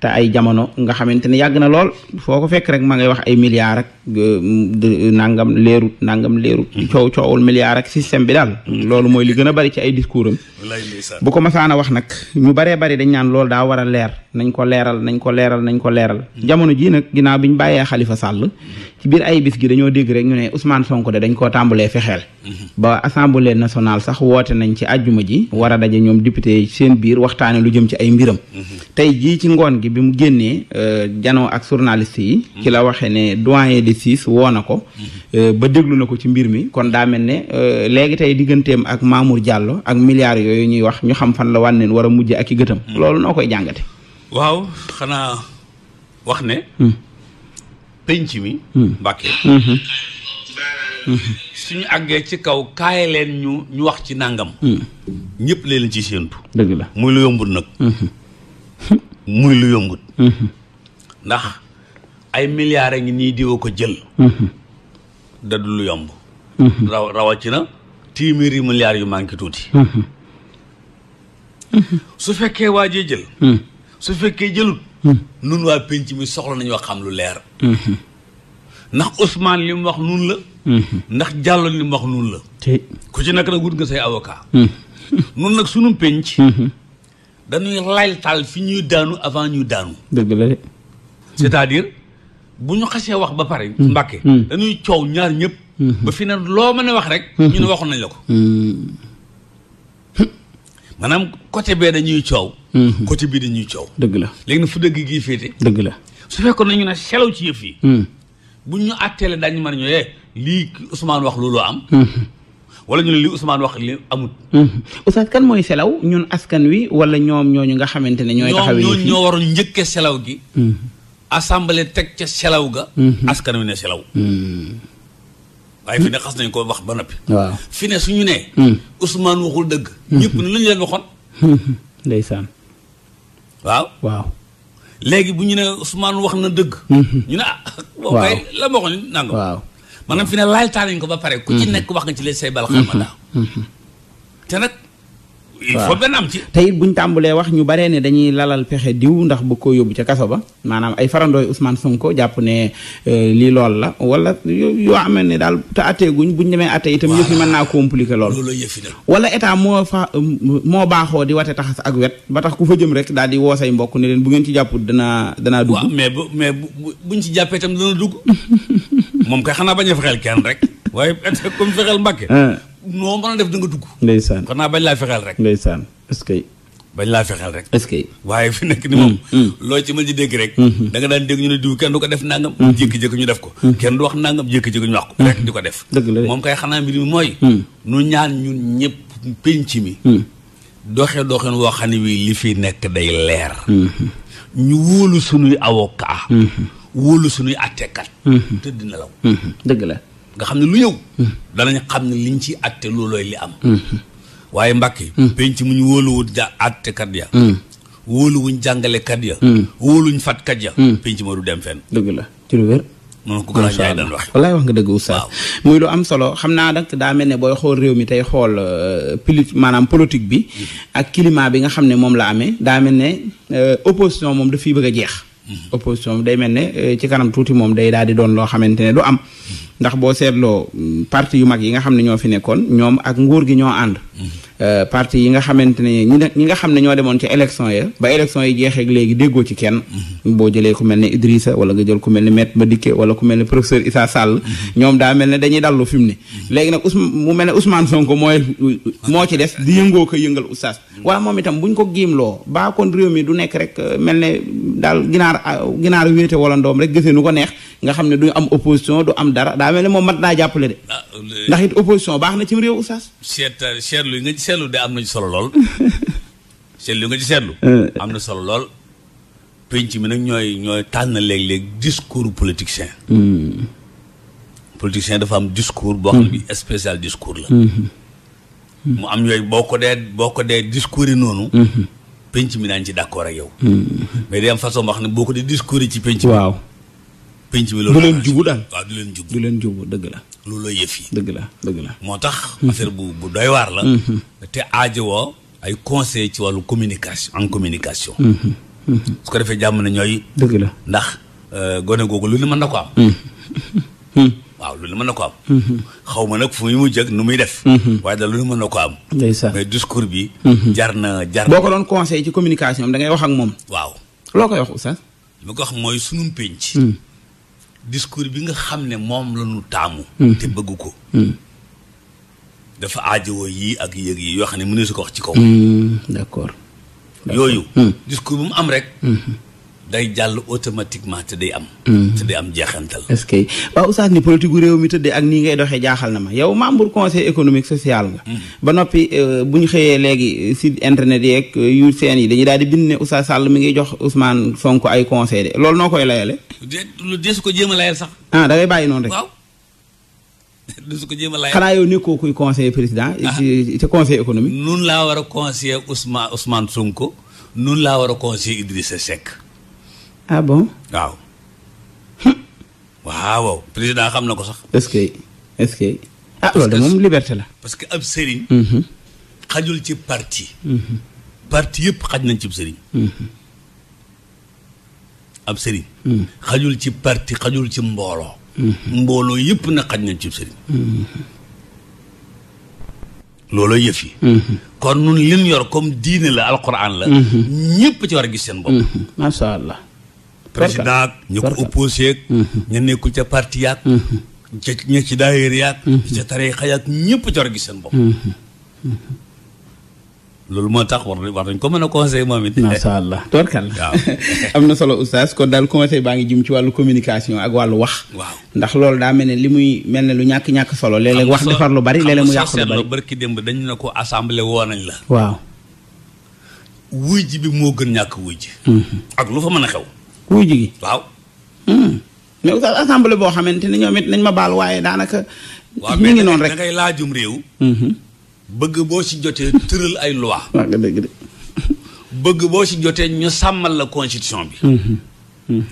te ay jamono nga xamante ne yàgg na lool foo ko fekk rek ma ngay wax ay milliards ak euh, euh, nangam leerut nangam leerut mm-hmm. coow coowul milliards ak système bi daal mm-hmm. loolu mooy li gën a bari ci ay discours am bu ko masaana wax nag ñu baree bari dañ naan loolu daa war a leer nañ ko leeral nañ ko leeral nañ ko leeral mm-hmm. jamono ji nag ginnaaw bi ñu bàyyee Xalifa Sàll ci biir ay bis gi dañoo dégg rek ñu ne Ousmane Sonko de dañ koo tàmbalee fexeel ba assemblée nationale sax woote nañ ci àjjuma ji war a daje ñoom député seen biir waxtaane lu jëm ci ay mbiram gi bi mu génnee euh, jano ak journaliste yi ci la waxee ne doyen de siis woo na ko euh, ba déglu na ko ci mbir mi kon daa mel ne euh, léegi tey digganteem ak Mamour Diallo ak milliards yooyu ñuy wax ñu xam fan la wànneen war a mujj ak i gëtam hmm. loolu noo koy jàngate waaw xanaa wax ne hmm. penc mi hmm. Mbàkke suñu àggee ci kaw kaay leen ñu ñu wax ci nàngam ñëpp leen ci séentu dëgg la muy lu yombul nag muy lu yombut mhm. ndax ay milliards a ngi nii diwa ko jël mhm. da lu yomb mhm. raw rawatina téeméeri milliards yu manqué tuuti su fekkee waa jee jël su fekkee jëlut nun waa penc mi soxla nañu wax xam lu leer ndax Ousmane li mu wax nun la ndax Diallo li mu wax nun la ku ci nekk nag wut nga say avocat nun nag sunum penc dañuy laytaal fi ñuy daanu avant ñuy daanu. dëgg la de. cest bu ñu xasee wax ba pare. Hmm. mbàkke hmm. dañuy coow ñaar ñëpp. Hmm. ba fi ne loo mën a wax rek. ñu ne waxoon nañ la ko. maanaam côté bee dañuy coow. côté bii dañuy coow. dëgg la léegi nag fu dëgg gii féete. dëgg la su fekkoon nañu ne selaw ci yëf yi. bu ñu àtteele daañu mën a ñëwee eh, lii Ousmane wax looloo am. wala ñu ne li Ousmane wax li amut. Oustaz kan mooy selaw ñun askan wi wala ñoom ñooñu nga xamante ne ñooy. taxawii ñoom ñoo waroon njëkkee selaw gi. assemblée teg ca selaw ga. ne selaw. waaye xas nañ ko wax ba noppi. waaw fi ne suñu nee. waxul dëgg. ñëpp ne lu ñu leen waxoon. ndeysaan. waaw waaw. léegi bu ñu ne Ousmane wax na dëgg. ñu ne ah. waaw boo la ma waxoon nangam. maanaam fi ne laal taal nañ ko ba pare. ku ci mm-hmm. nekk wax nga ci les say bal. xam nga mm-hmm. mm-hmm. te nag. il faut nga nam ci. te it buñ tàmbulee wax ñu baree ne dañuy lalal pexe diw ndax bu ko yóbbu ca kaso ba maanaam ay farandooy Ousmane Sonko jàpp ne euh, lii lool la wala yoo amee ne daal te atteeguñ buñ demee atte itam yëf yi mën naa compliquer lool. wala état moo fa moo baaxoo di wate taxas ak wet ba tax ku fa jëm rek daal di say mbokk ne leen bu ngeen ci jàpput danaa danaa dugg. waaw mais bu mais buñ ci jàppee itam dana dugg moom kay xanaa bañ a fexeel kenn rek waaye comme fexeel Mbàkke noo mën a def da nga dugg. ndeysaan xanaa bañ laa fexeel rek. ndeysaan est-ce que. bañ laa fexeel rek. ce que. waaye fi nekk ni moom. Mm, mm. loo ci mën di dégg rek. Mm-hmm. da nga daan dégg ñu ne diw kenn du ko def nangam. Mm-hmm. jékki-jékki ñu def ko. Mm-hmm. kenn du wax nangam jékki-jékki ñu wax ko. rek di ko def. dëgg moom kay xanaa mbir mi mooy. Mm. nu ñaan ñun ñëpp penc mi. doxe doxeen woo xam ne wii li fi nekk day leer. ñu wóolu sunuy avocat. wóolu sunuy àttekat. tëdd nelaw. dëgg la. nga xam ne lu ñëw danañ xam ne liñ ci atte loolooy li am waaye mbàkke penc mu ñu wóoluwut ja attekat ya wóoluwuñ jàngalekat ya wóoluñ fatkat ya penc ma du dem fenn dëgg la ci lu wér mëna ko gën a jaay daan wax wallaay wax nga dëgg oustaz muy lu am solo xam naa nag daa mel ne booy xool réew mi tey xool euh, pili maanaam politique bi ak climat bi nga xam ne moom la amee daa mel ne euh, opposition moom dafiy bëgg a jeex opposition day mel ne eh, ci kanam tuuti moom day daal di doon loo xamante ne du am ndax boo seetloo mm, parti yu mag yi nga xam ne ñoo fi nekkoon ñoom ak nguur gi ñoo ànd eh, parti yi nga xamante ne ñi nga xam ne ñoo demoon ci élection ya ba élection yi jeexee léegi déggoo ci kenn boo jëlee ku mel ne Idrissa wala nga jël ku mel ne Maître Madické wala ku mel ne professeur Issa Sall ñoom daa mel ne dañuy dallu fi mu ne léegi nag Ousmane mu mel ne Ousmane sonk mooy moo ci des yëngoo ko yëngal oustaz Mm. wala moom itam buñ ko giimloo baa kon réew mi du nekk rek euh, mel ne daal ginaar ah, ginaar wéete wala ndoom rek gësee nu ko neex nga xam ne duñu am opposition du am dara daa mel ne moom mat daa jàppale de ah, euh, ndax opposition baax na ci réew oustaz seet euh, seetlu yi nga ci seetlu de am na ci solo lool seetlu yi nga ci seetlu am na solo lool penc mi nag ñooy ñooy tànn léeg-léeg discours politicien hmm. politicien dafa am discours boo xam ne hmm. bi spécial discours la hmm. mu am yooyu boo ko dee boo ko dee discours noonu. Mhm. penc mi daañu ci d'accord ak yow. Mhm. mais day am façon boo xam ne boo ko dee discours ci penc waaw penc mi loolu. du leen jubu daal waaw du leen jubu. du leen jubu dëgg la. looloo yëf yi. dëgg la dëgg la. moo tax. Mhm. affaire bu bu doy waar la. te aajowoo ay conseil ci wàllu communication en communication. su ko defee jàmm na ñooy. dëgg la ndax euh, gone googu lu ne mën na ko am. Hmm. waaw loolu mën na ko am. Mhm. xaw ma nag fu muy mujj ak nu muy def. Mhm. waaye daal loolu mën na ko am. mais discours bi. Mhm. jar na jar na. boo ko doon conseil ci communication am da ngay wax ak moom. waaw loo koy wax oustaz. li ma ko wax mooy sunu penc. discours bi nga xam ne moom la ñu taamu. te bëgg ko. dafa aajowoo yii ak yëg yi yoo xam ne mënu su ko wax ci kaw. d'accord. yooyu. discours bu mu am rek. day jàll automatiquement te day am. Mm-hmm. te day am jeexantal. est-ce que waaw Oustaz ni politique gu réew mi tëddee ak nii ngay doxee jaaxal na ma yow membre conseil économique social nga. Mm-hmm. ba noppi euh, bu ñu xëyee léegi site internet yeeg yu euh, seen yi dañuy daal di bind ne Oustaz Sall mi ngi jox Ousmane Sonko ay conseil de loolu noo koy layale. lu deesu ko jéem layal sax. ah bàyyi noonu rek. waaw deesu ko jéem a layal. xanaa yow nekkoo kuy conseil président. Ah. ci ci conseil économique. nun laa war a conseiller Ousmane Ousmane Sonko nun laa war a conseiller Idrissa ah bon waaw waaw président xam na ko sax est-ce que est-ce que ah loolu de liberté la parce que ab sëriñ mm-hmm. ci parti mm-hmm. parti yëpp xaj nañ ci ab sëriñ mm-hmm. ab xajul ci parti xajul ci mbooloo mbooloo yëpp na xaj nañ ci sëriñ looloo yëf yi kon nun lin yor comme diine la alquran la ñëpp ci war a gis seen bopp masha allah président ak ñu ko opposé mm-hmm. ña nekkul ca parti yaag mm-hmm. ca ña ci daayéer yaag mm-hmm. ca tariixa yaag ñëpp cor gi seen bopp loolu moo tax war war nañ ko mën a conseil moom it macha allah torkal waaw am na solo oustaz kon daal conseil baa ngi jëm ci wàllu communication ak wàllu wax waaw ndax loolu daa mel ne li muy mel ne lu ñàkk-ñàkk solo léeg-léeg wax defar lu bari léeg-léeg mu yàq lu bari barki démb dañ na ko assemblée woo nañ la waaw wuy bi moo gën ñàkk wuy ak lu fa mën a xew wuy jigi waaw. mais hmm. oustaz assemblée boo xamante ni ñoom it nañ ma baal waaye daanaka. ñu ngi noonu rek da ngay laajum réew. Hmm. bëgg boo ci jotee tëral ay loi waaw nga dëgg de. bëgg boo ci jotee ñu sàmmal la constitution bi. Hmm.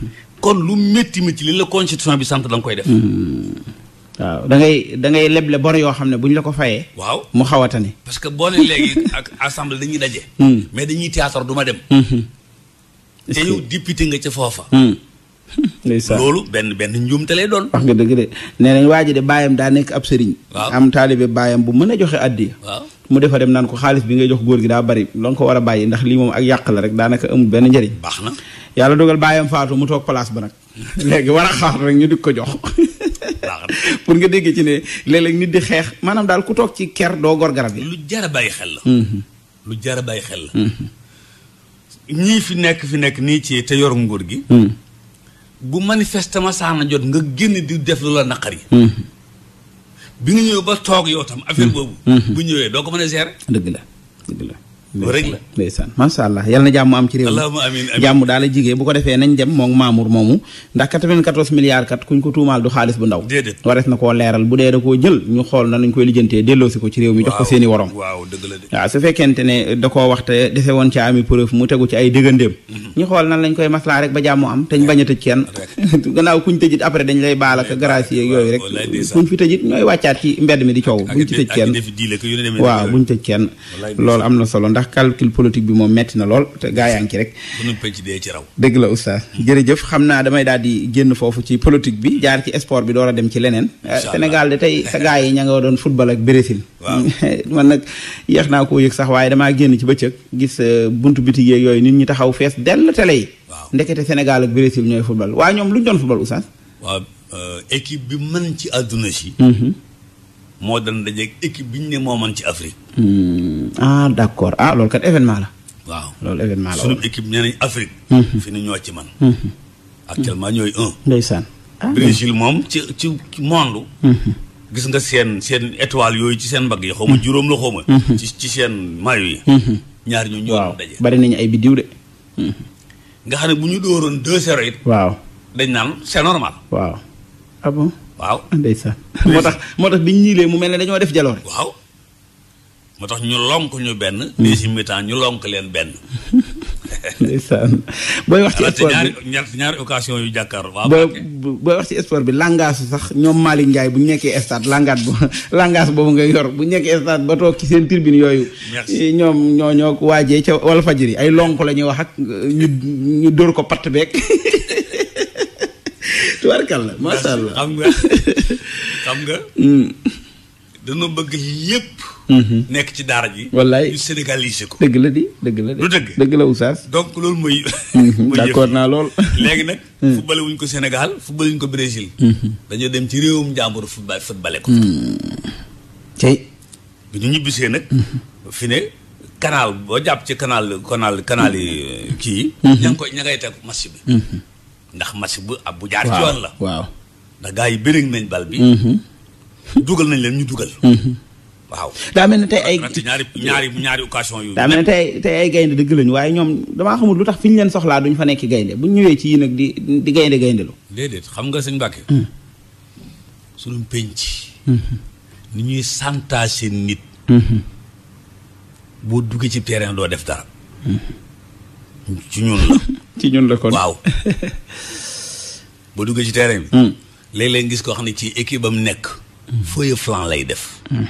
kon lu métti métti li la constitution bi sant da koy def. waaw da ngay da ngay leble bor yoo xam ne bu ñu la ko fayee. waaw mu xaw a tane. que boo ne léegi ak assemblée dañuy daje. mais dañuy théâtre du dem. te yow député nga ca foofa. Hmm. Hmm. ndeysaan loolu benn benn njuum njuumte lay doon. wax nga dëgg de nee nañ waa ji de baayam daa nekk ab sëriñ. waaw am taalibe baayam bu mën a joxe addiya. waaw mu defa dem naan ko xaalis bi ngay jox góor gi daa bari loo ko war a bàyyi ndax lii moom ak yàq la rek daanaka amul benn njëriñ. baax na yàlla dogal baayam faatu mu toog place ba nag léegi war a xaar rek ñu di ko jox. pour nga dégg ci ne léeg-léeg nit di xeex maanaam daal ku toog ci ker doo gor garab yi. lu jar a bàyyi xel la. Hmm. lu jar a bàyyi xel la. ñii fi nekk fi nekk nii ci te yor nguur gi. Hmm. bu manifestement saana jot nga génn di def lu la naqari. Hmm. bi nga ñëwee ba toog yow tam. affaire hmm. boobu. bu ñëwee doo ko mën a gérer. dëgg la. loolu rek la ndeysaan macha allah yal na jàmm am ci réew mi allahumma amiin amiin jàmm daal la jigee bu ko defee nañ dem moom Mamour moomu ndax 94 milliards kat kuñ ko tuumaal du xaalis bu ndaw déedéet warees na koo i ne da waxte dese woon ci ami preuve mu tegu ci ay dëggandeem mhm. ñu xool nan lañ koy maslaa rek ba jàmm am teñ bañ a tëj kenn gannaaw kuñ tëjit après dañ lay baal ak yooyu rek kuñ fi tëjit ñooy wàccaat ci mbedd mi di coow buñ tëj kenn waaw buñ tëj kenn loolu am na solo ndax calcul politique bi moom metti na lool te gaa yaa ngi ci rek. dëgg la oustaz jërëjëf xam naa damay daal di génn foofu ci politique bi jaar ci sport bi door a dem ci leneen. Sénégal de tey sa gaa yi ña nga doon football ak Brésil. waaw man nag yéex naa ko yëg sax waaye damaa génn ci bëccëg gis euh, buntu bitig yeeg yooyu nit ñi taxaw fees dell télé yi. waaw ndekete Sénégal ak Brésil ñooy football waa ñoom lu ñu doon football oustaz. waaw euh, équipe bi mën ci àdduna si. Mm-hmm. moo daan dajeeg équipe bi ñu ne moo man ci Afrique. Hmm. ah d' accord ah loolu kat événement la. waaw lool événement la sunu équipe nee nañ Afrique. Hmm. man hmm. actuellement ñooy un. ndeysaan. Ah, Brésil moom ci ci monde. gis nga seen seen étoile yooyu ci seen mbagg yi. xaw ma juróom la xaw ma. ci seen mayo yi. ñaar ñu ñoo daje. bari nañu ay biddiw de. nga xam ne bu ñu dooroon deux zéro it. waaw dañ naan c' est normal. waaw ah waaw ndeysaan moo tax moo tax biñ ñiilee mu mel ne dañoo def jaloore waaw moo tax ñu lonk ñu benn hmm. les si mitan ñu lonk leen benn ndeysaan booy wax ci sport bi ñaar ñaari occasion yu jàkkaarloo waaw booy wax ci sport bi langage sax ñoom Malick Ndiaye bu ñu nekkee stade langage bo langage boobu ngay yor bu ñu nekkee stade ba toog ci seen tribune yooyu eh, ñoom ñoo ñoo waajee ca Walfadjri ay lonk la ñuy wax ak ñu ñu dóor ko patt beeg tubaarkàlla macha allah xam nga xam nga. Hmm. dañoo bëgg lépp. Hmm. nekk ci daara ji. wallaay ñu sénégaliser ko. dëgg la di dëgg la de. dëgg dëgg la oustaz. donc loolu mooy. Hmm. d'accord naa lool. léegi nag. footballé ko Sénégal footballé wuñ ko Brésil. dañoo dem ci réewum jàmbur football footballé ko. tey. bi ñu ñibbisee nag. fi ne canal boo jàpp ci canal canal canal yi kii. ña ngi koy ña ngay bi. ndax match bu ab bu jaar la waaw ndax gars yi bëri nañ bal bi mm-hmm. dugal nañ leen ñu dugal mm-hmm. waaw daa mel ne tey ay ñaari ñaari ñaari occasion yu daa ne tey tey ay gaynde dëgg lañu waaye ñoom damaa xamul lu tax fi ñu leen soxlaa duñ fa nekk gaynde bu ñu ñëwee ci yi di di gaynde gaynde lu déedéet xam nga sëñ Mbàkke mm. suñu penc mm-hmm. ni ñuy santage seen nit boo duggee ci terrain doo def dara ci ñun la ci ñun la kon waaw boo duggee ci terrain bi. Hmm. léeg-léeg gis koo xam ne ci équipe am nekk. Hmm. feuille flanc lay def. Hmm.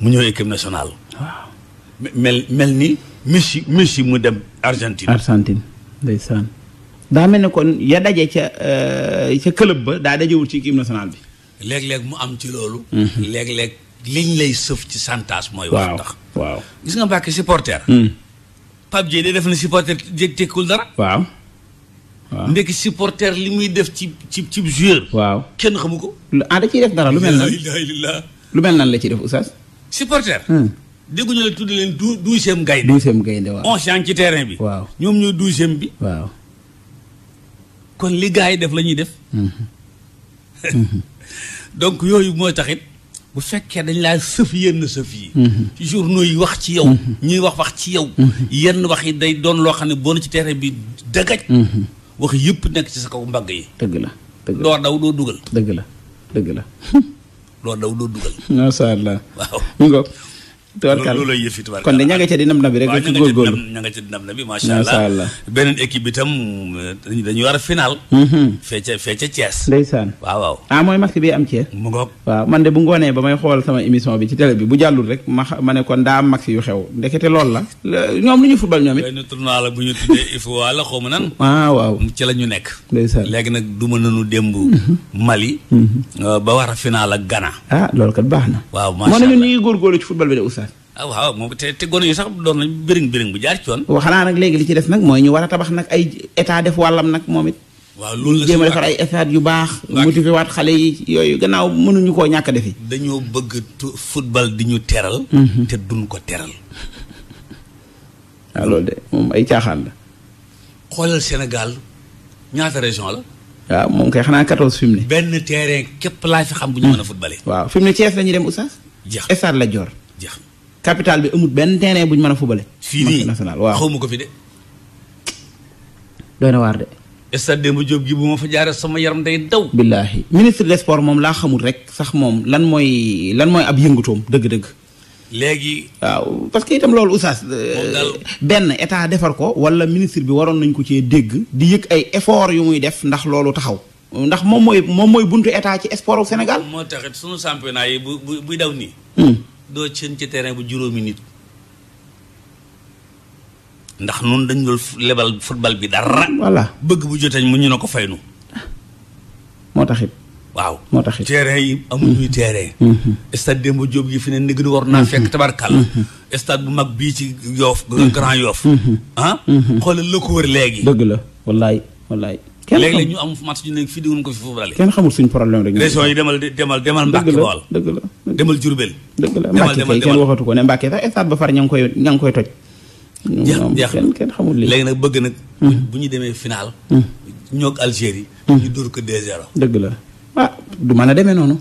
mu ñëw équipe nationale. waaw mel mel ni Messi Messi mu dem Argentine. Argentine ndeysaan. daa mel ni kon ya daje ca euh, ca club ba daa dajewul ci équipe nationale bi. léeg-léeg mu am ci loolu. léeg-léeg liñ lay sëf ci santaas mooy. wax tax waaw gis nga Mbàkke supporter. Pape Dieye de def na supporter jég tekkul dara. waaw. waaw ndekki supporter li muy def ci ci ci joueur. waaw kenn xamu ko. ah da ciy def dara lu mel nan lu mel nan la ci def oustaz. supporter. Hmm. dégguñu la tudd leen dou douzième gaynde. douzième gaynde waaw onze ci terrain bi. waaw ñoom ñoo douzième bi. waaw. kon li gars yi def la ñuy def. Hmm. Hmm. donc yooyu moo taxit. bu fekkee dañ laa sëf yenn sëf yi mhm. journaux yi wax ci yow mhm. ñuy wax wax ci yow mhm. yenn wax yi day doon loo xam ne boo ci terrain bi dëgaj wax yëpp nekk ci sa kaw mbagg yi dëgg la dëgg la doo daw doo dugal dëgg la dëgg la doo daw doo dugal macha allah waaw tubarkal loolu lay yëfi tubarkal kon de ña nga ca di nam na bi rek ci ca di nam na bi a final mhm. feeca ah, bi am Thiès mu ngoog man de bu ngoonee ba may xool sama émission bi ci bi bu jàllul rek ma ma ne kon daa am masque yu xew ndekete loolu la ñoom lu ñu football ñoom it benn tournoi la bu ñu tuddee il faut la ma nan ah waaw ci la ñu nekk ndeysaan léegi nag duma nanu démb mhm. Mali mhm. ba war a final ak Ghana ah loolu kat baax na waaw moo ne ñun ñu ngi góorgóorlu ci football bi de oustaz ah waaw moom te te gone yi sax doon nañ bëriñ bëriñ bu jaar ci yoon. xanaa nag léegi li ci def nag mooy ñu war a tabax nag ay état def wàllam nag moom it. loolu la jéem a defar ay état yu baax. motivé waat xale yi yooyu gannaaw mënuñu koo ñàkk defi. dañoo bëgg football di ñu teral. Mhm. te duñ ko teral. Ah, loolu de moom ay caaxaan la. xoolal Sénégal ñaata région la. waaw ah, moom xanaa 14 fi mu ne. benn terrain képp laa fi xam bu ñu hmm. mën a footballé. waaw fi ne Thiès la dem Oustaz. jeex stade joor jeex capital bi amul benn terrain bu ñu mën a fubale. fii nii national waaw xaw ma ko fi de. doy na waar de. stade Demba Diop gi bu ma fa jaaree sama yaram day daw. billaahi ministre des sports moom laa xamul rek sax moom lan mooy lan mooy ab yëngatoom dëgg-dëgg. léegi. waaw parce que itam loolu oustaz. Euh, benn état defar ko wala ministre bi waroon nañ ko cee dégg. di yëg ay effort yu muy def ndax loolu taxaw. ndax moom mooy moom mooy buntu état ci sport au Sénégal. moo taxit sunu championnat yi bu buy daw nii. Hmm. doo seen ci terrain bu juróomi nit ndax noonu dañ dul lebal football bi dara. voilà bëgg bu jotee mu ñu ne ko fay nu moo taxit. waaw moo taxit terrain yi amuñuy mm-hmm. terrain. Mm-hmm. stade Demba Diop yi fi ne ndigg war naa mm-hmm. fekk tabarkal bu mag bii ci Yoff. Grand Yoff. ah. ko wër léegi. bëgg la wallaay wallaay. kenn léeg-léeg ñu am match ñu ne fii diwun ko fi foofu daal kenn xamul suñu problème rek région yi demal demal demal Mbàkke sax stade ba far ña ngi koy ña koy toj jeex kenn kenn xamul lii léegi nag bëgg nag hmm. bu ñu demee final hmm. ñoog Algérie hmm. ñu dóor ko 2-0 dëgg la ah du mën a demee noonu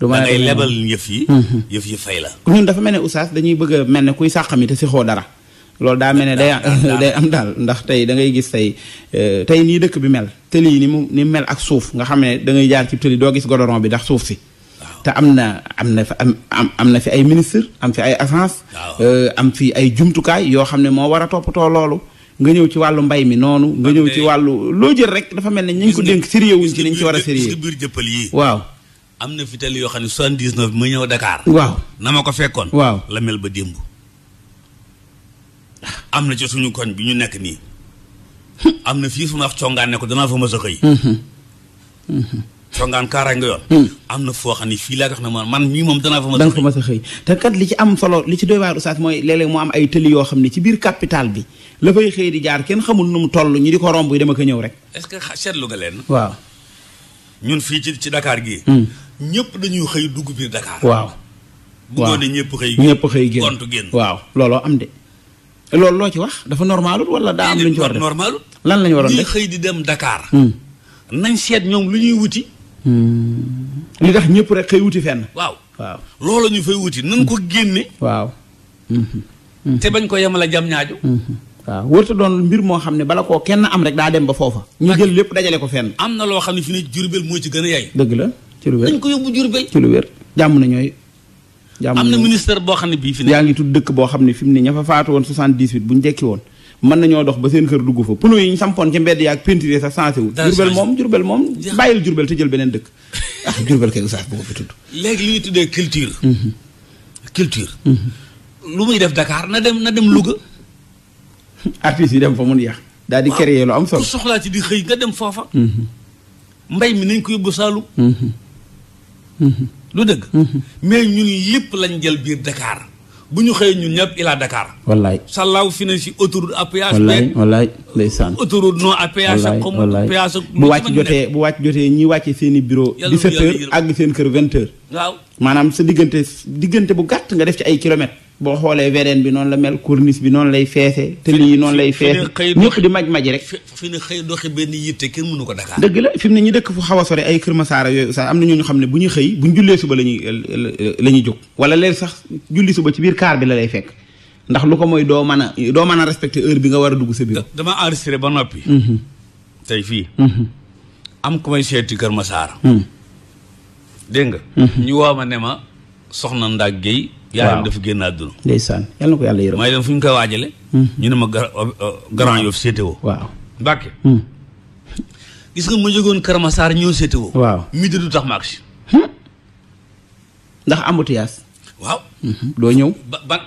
du mën a demee noonu da ngay lebal yëf yi yëf yi fay la ñun dafa mel ne oustaz dañuy bëgg mel ne kuy sàqami te si xoo dara loolu daa mel ne day day am daal ndax tey da ngay gis tey euh, tey nii dëkk bi mel tëli yi ni mu ni mel ak suuf nga xam ne da ngay jaar ci tëli doo gis godoron bi ndax suuf si te am na am na am am na fi ay ministre am fi ay agence euh, am fi ay jumtukaay yoo xam ne moo war a toppatoo loolu nga ñëw ci wàllu mbay mi noonu nga ñëw ci wàllu loo jël rek dafa mel ne ñu ko dénk sérieux wuñ ci niñ ci war a sérieux biir jëppal waaw am na fi tëli yoo xam ne soixante dix mu ñëw dakaar waaw na ma ko fekkoon waaw la mel ba démb am na ci suñu koñ bi ñu nekk nii. Hmm. am na fii fu mu wax ne ko danaa fa mës a xëy. Hmm. Hmm. congaan kaaraange yoon. am na foo xam ne fii laa tax ne man man mii moom danaa fa mës a. danga xëy te kat li ci am solo li ci doy waar oustaz mooy léeg-léeg am ay tëli yoo xam ne ci biir capital bi la fay xëy di jaar kenn xamul nu mu toll ñu di ko romb yi dama ko ñëw rek. est-ce que seetlu nga leen. waaw. ñun fii ci ci Dakar gii. ñëpp dañuy xëy dugg biir Dakar. waaw. bu doonee ñëpp xëy. ñëpp xëy génn gont loolu loo ci wax dafa normalul wala daa am lu ñu ci war def lan la ñu waroon def xëy di dem Dakar. Hmm. nañ seet ñoom lu ñuy wuti. Hmm. li tax ñëpp rek xëy wuti fenn. waaw waaw loolu ñu fay wuti nañ ko génne. waaw. Hmm. te bañ ko yemale jam ñaaju. waaw wërta doon mbir moo xam ne bala koo kenn am rek daa dem ba foofa. ñu jël lépp dajale ko fenn. am na loo xam ne fi ne Jurbel moo ci gën a yaay. dëgg la ci lu wér dañ ko yóbbu Jurbel ci lu wér jàmm na ñooy. am na ministère boo xam ne bii fi ne yaa ngi tudd dëkk boo xam ne fi ne ña fa faatu woon 78 bu ñu dekki woon mën nañoo dox ba seen kër dugg fa puno yi ñu sampoon ca mbedd yaag peinture sax sensé wul jurbel moom jurbel moom bàyyil jurbel te jël beneen dëkk ah jurbel kay oustaz bu ko fi tudd léegi li ñuy tuddee culture mhm. Mhm. lu muy def Dakar na dem na dem Louga artistes yi dem fa mun yàq daal di créer lu am solo soxlaa ci di xëy nga dem foofa mhm. mbay mi nañ ko yóbbu Saalum du dëgg. mais ñun lépp lañ jël biir Dakar bu ñu xëyee ñun ñëpp ila dakaar wallaay sallaaw fi ne si autoroute à péage. wallaay wallaay ndeysaan. autoroute non à bu wàcc jotee bu wàcc jotee ñi wàcce seen i bureau. dix-sept heures àgg seen kër vingt heures. waaw maanaam sa diggante diggante bu gàtt nga def ci ay kilomètres. boo xoolee wereen bi noonu la mel corniche bi noonu lay feese tëli yi noonu lay feese ñëpp di maj maj rek fi ne xëy doxi benn yitte kenn mënu ko Dakar dëgg la fi mu ne ñu dëkk fu xaw a sore ay Kër Masaara yooyu sax am na xam ne bu ñu xëy bu ñu la la ñuy jóg wala leen sax julli suba ci biir kaar bi la lay fekk ndax lu ko mooy doo mën a doo mën a respecté heure bi nga war a dugg sa biir dama enregistré ba noppi mhm. tey fii mhm. am ku may seeti Kër Masaara mhm. dégg nga ñu woo ma ne ma soxna Ndag Guèye yaa dafa génn àdduna ndeysaan yàlla na ko yàlla yërëm may dem fu ñu hmm. ñu ne ma uh, uh, Grand Yoff CTO waaw Mbàkke hmm. gis nga ma jógoon Kër Massar ñëw CTO waaw midi du tax ma agsi hmm. ndax embouteillage waaw doo ñëw ban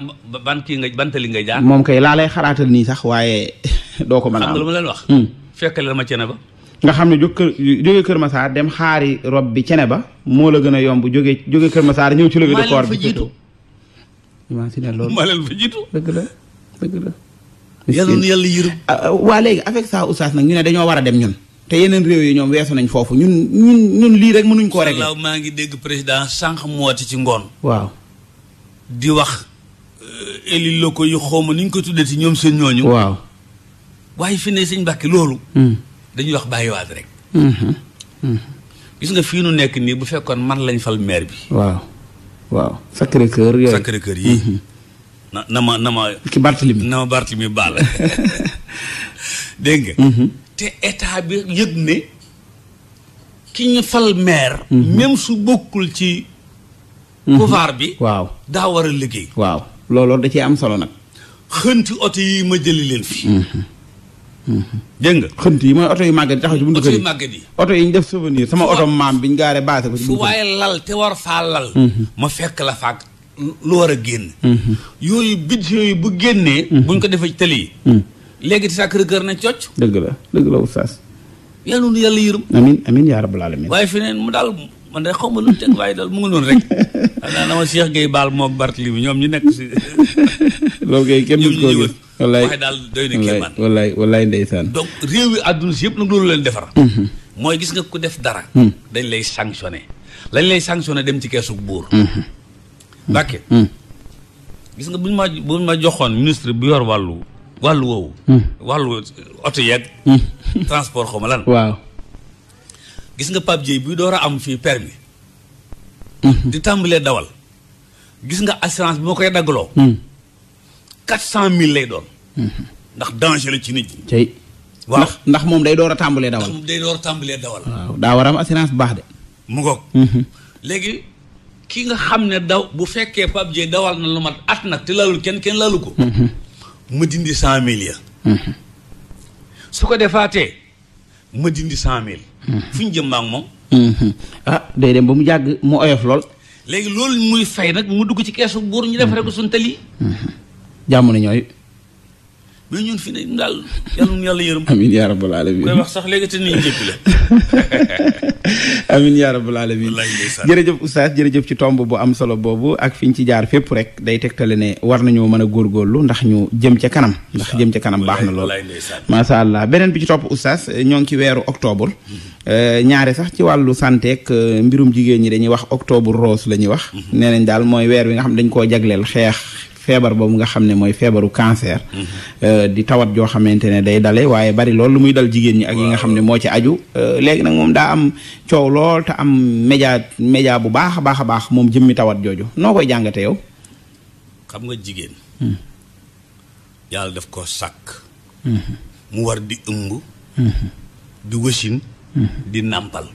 ban nga bantali ngay jaar moom lay xalaatal nii sax waaye doo ko mën a am ma leen wax fekkale ma cene ba nga xam ne jóg kër jóge Kër Massar dem xaari rob bi cene ba moo la gën a yomb jóge jóge Kër Massar ñëw ci levée de corps bi imagine loolu maa leen fa jiitu dëgg la dëgg la yàlla na yàlla yërëm ah, ah, waa léegi avec ça oustaz nag ñu ne dañoo war a dem ñun te yeneen réew yi ñoom weesu nañ foofu ñun ñun lii rek mënuñ koo rek laaw maa ngi dégg président sànq moo woote ci ngoon waaw di wax euh, élus locaux yi xawma ko tuddee ci ñoom seen ñooñu waaw waaye fi ne sëñ Mbàkke loolu hmm. dañuy wax bàyyiwaat rek hmm, hmm, gis nga fii nu nekk nii bu fekkoon man lañ fal maire bi waaw waaw Sacré Cœur yooyu yi. Mhm. na na ma na ma. ki Barthélemy na ma Barthélemy baal dégg mhm. te état bi yëg ne ki ñu fal maire. Mhm. même su bokkul ci. pouvoir bi. waaw daa war a liggéey. waaw looloo da cee am solo nag. xënti oto yi ma jëli leen fi. dégg nga xënt yi mooy oto yu màgget yi taxaw ci buntu kër màgget yi oto yi ñu def souvenir sama oto maam biñ gaaree baase ko ci su waaye lal te war faa lal mhm. ma fekk la faak lu war a génn mhm. yooyu bit yooyu bu génnee mhm. buñ ko defee tëli yi léegi ti sa kër kër na cocc dëgg la dëgg la oustaz yàlla nu yàlla yërëm amin amin yaa rabbal alamin waaye fi neen mu daal man de xaw ma lu waaye daal mu ngi rek xanaa na ma Cheikh Gueye Baal moog Bartli bi ñoom ñu nekk si loolu kay kenn du ko gis wallaay waxe daal doy na kéemaan wallaay wallaay ndeysaan donc réew yi àdduna si yëpp nag loolu leen defar mm-hmm. mooy gis nga ku def dara mm-hmm. dañ lay sanctionné lañ lay sanctionné dem ci keesu buur mm-hmm. Mbàkke nga buñ ma buñ ma joxoon ministre bu yor wàllu wàllu woowu wàllu oto yeeg transport xaw lan waaw gis nga Pape Dieye bi door a am fii permis di tàmbalee dawal gis nga assurance bi ma koy daggaloo quatre cent mille lay doon ndax danger la ci nit ñi. ndax moom day door a tàmbalee dawal. ndax moom day door a tàmbalee dawal. waaw daa war a bu baax de. mu ngoog. Mhm. léegi ki nga xam ne daw bu fekkee Pape Dieye dawal na lu mat at nag te laalul kenn kenn lalu ko. ma mhm. dindi cent mille ya. Mhm. su ko defaatee ma dindi cent mille. fu ñu jëm maa ngi moom. ah day dem ba mu jàgg mu oyof lool. léegi loolu muy fay nag bu mu dugg ci keesu buur ñu defaree ko suñu tali. jàmm na ñooy. mais ñun fi ne daal yàlla na yàlla yërëm. amiin yaa sax léegi te ni ñu jébbale. jërëjëf oustaz jërëjëf ci tomb bu am solo boobu ak fi ñu ci jaar fépp rek day tegtale ne war nañoo mën a góor góorgóorlu ndax ñu jëm ca kanam ndax jëm ca kanam baax na lool macha allah beneen bi ci topp oustaz ñoo ngi ci weeru octobre mm-hmm. euh, ñaare sax ci wàllu santé ak euh, mbirum jigéen ñi dañuy wax octobre rose la ñuy wax mm-hmm. nee nañ daal mooy weer wi nga xam dañ koo jagleel xeex feebar boobu nga xam ne mooy feebaru cancer. Euh, di tawat joo xamante ne day dale waaye bari lool lu muy dal jigéen ñi ak yi nga xam ne moo ci aju. Euh, léegi nag moom daa am coow lool te am média média bu baax a baax a baax moom jëmmi tawat jooju noo koy jàngatee yow. xam nga jigéen. Hmm. yàlla def ko sàkk. Hmm. mu war di ëmb. Hmm. di wësin. di nàmpal.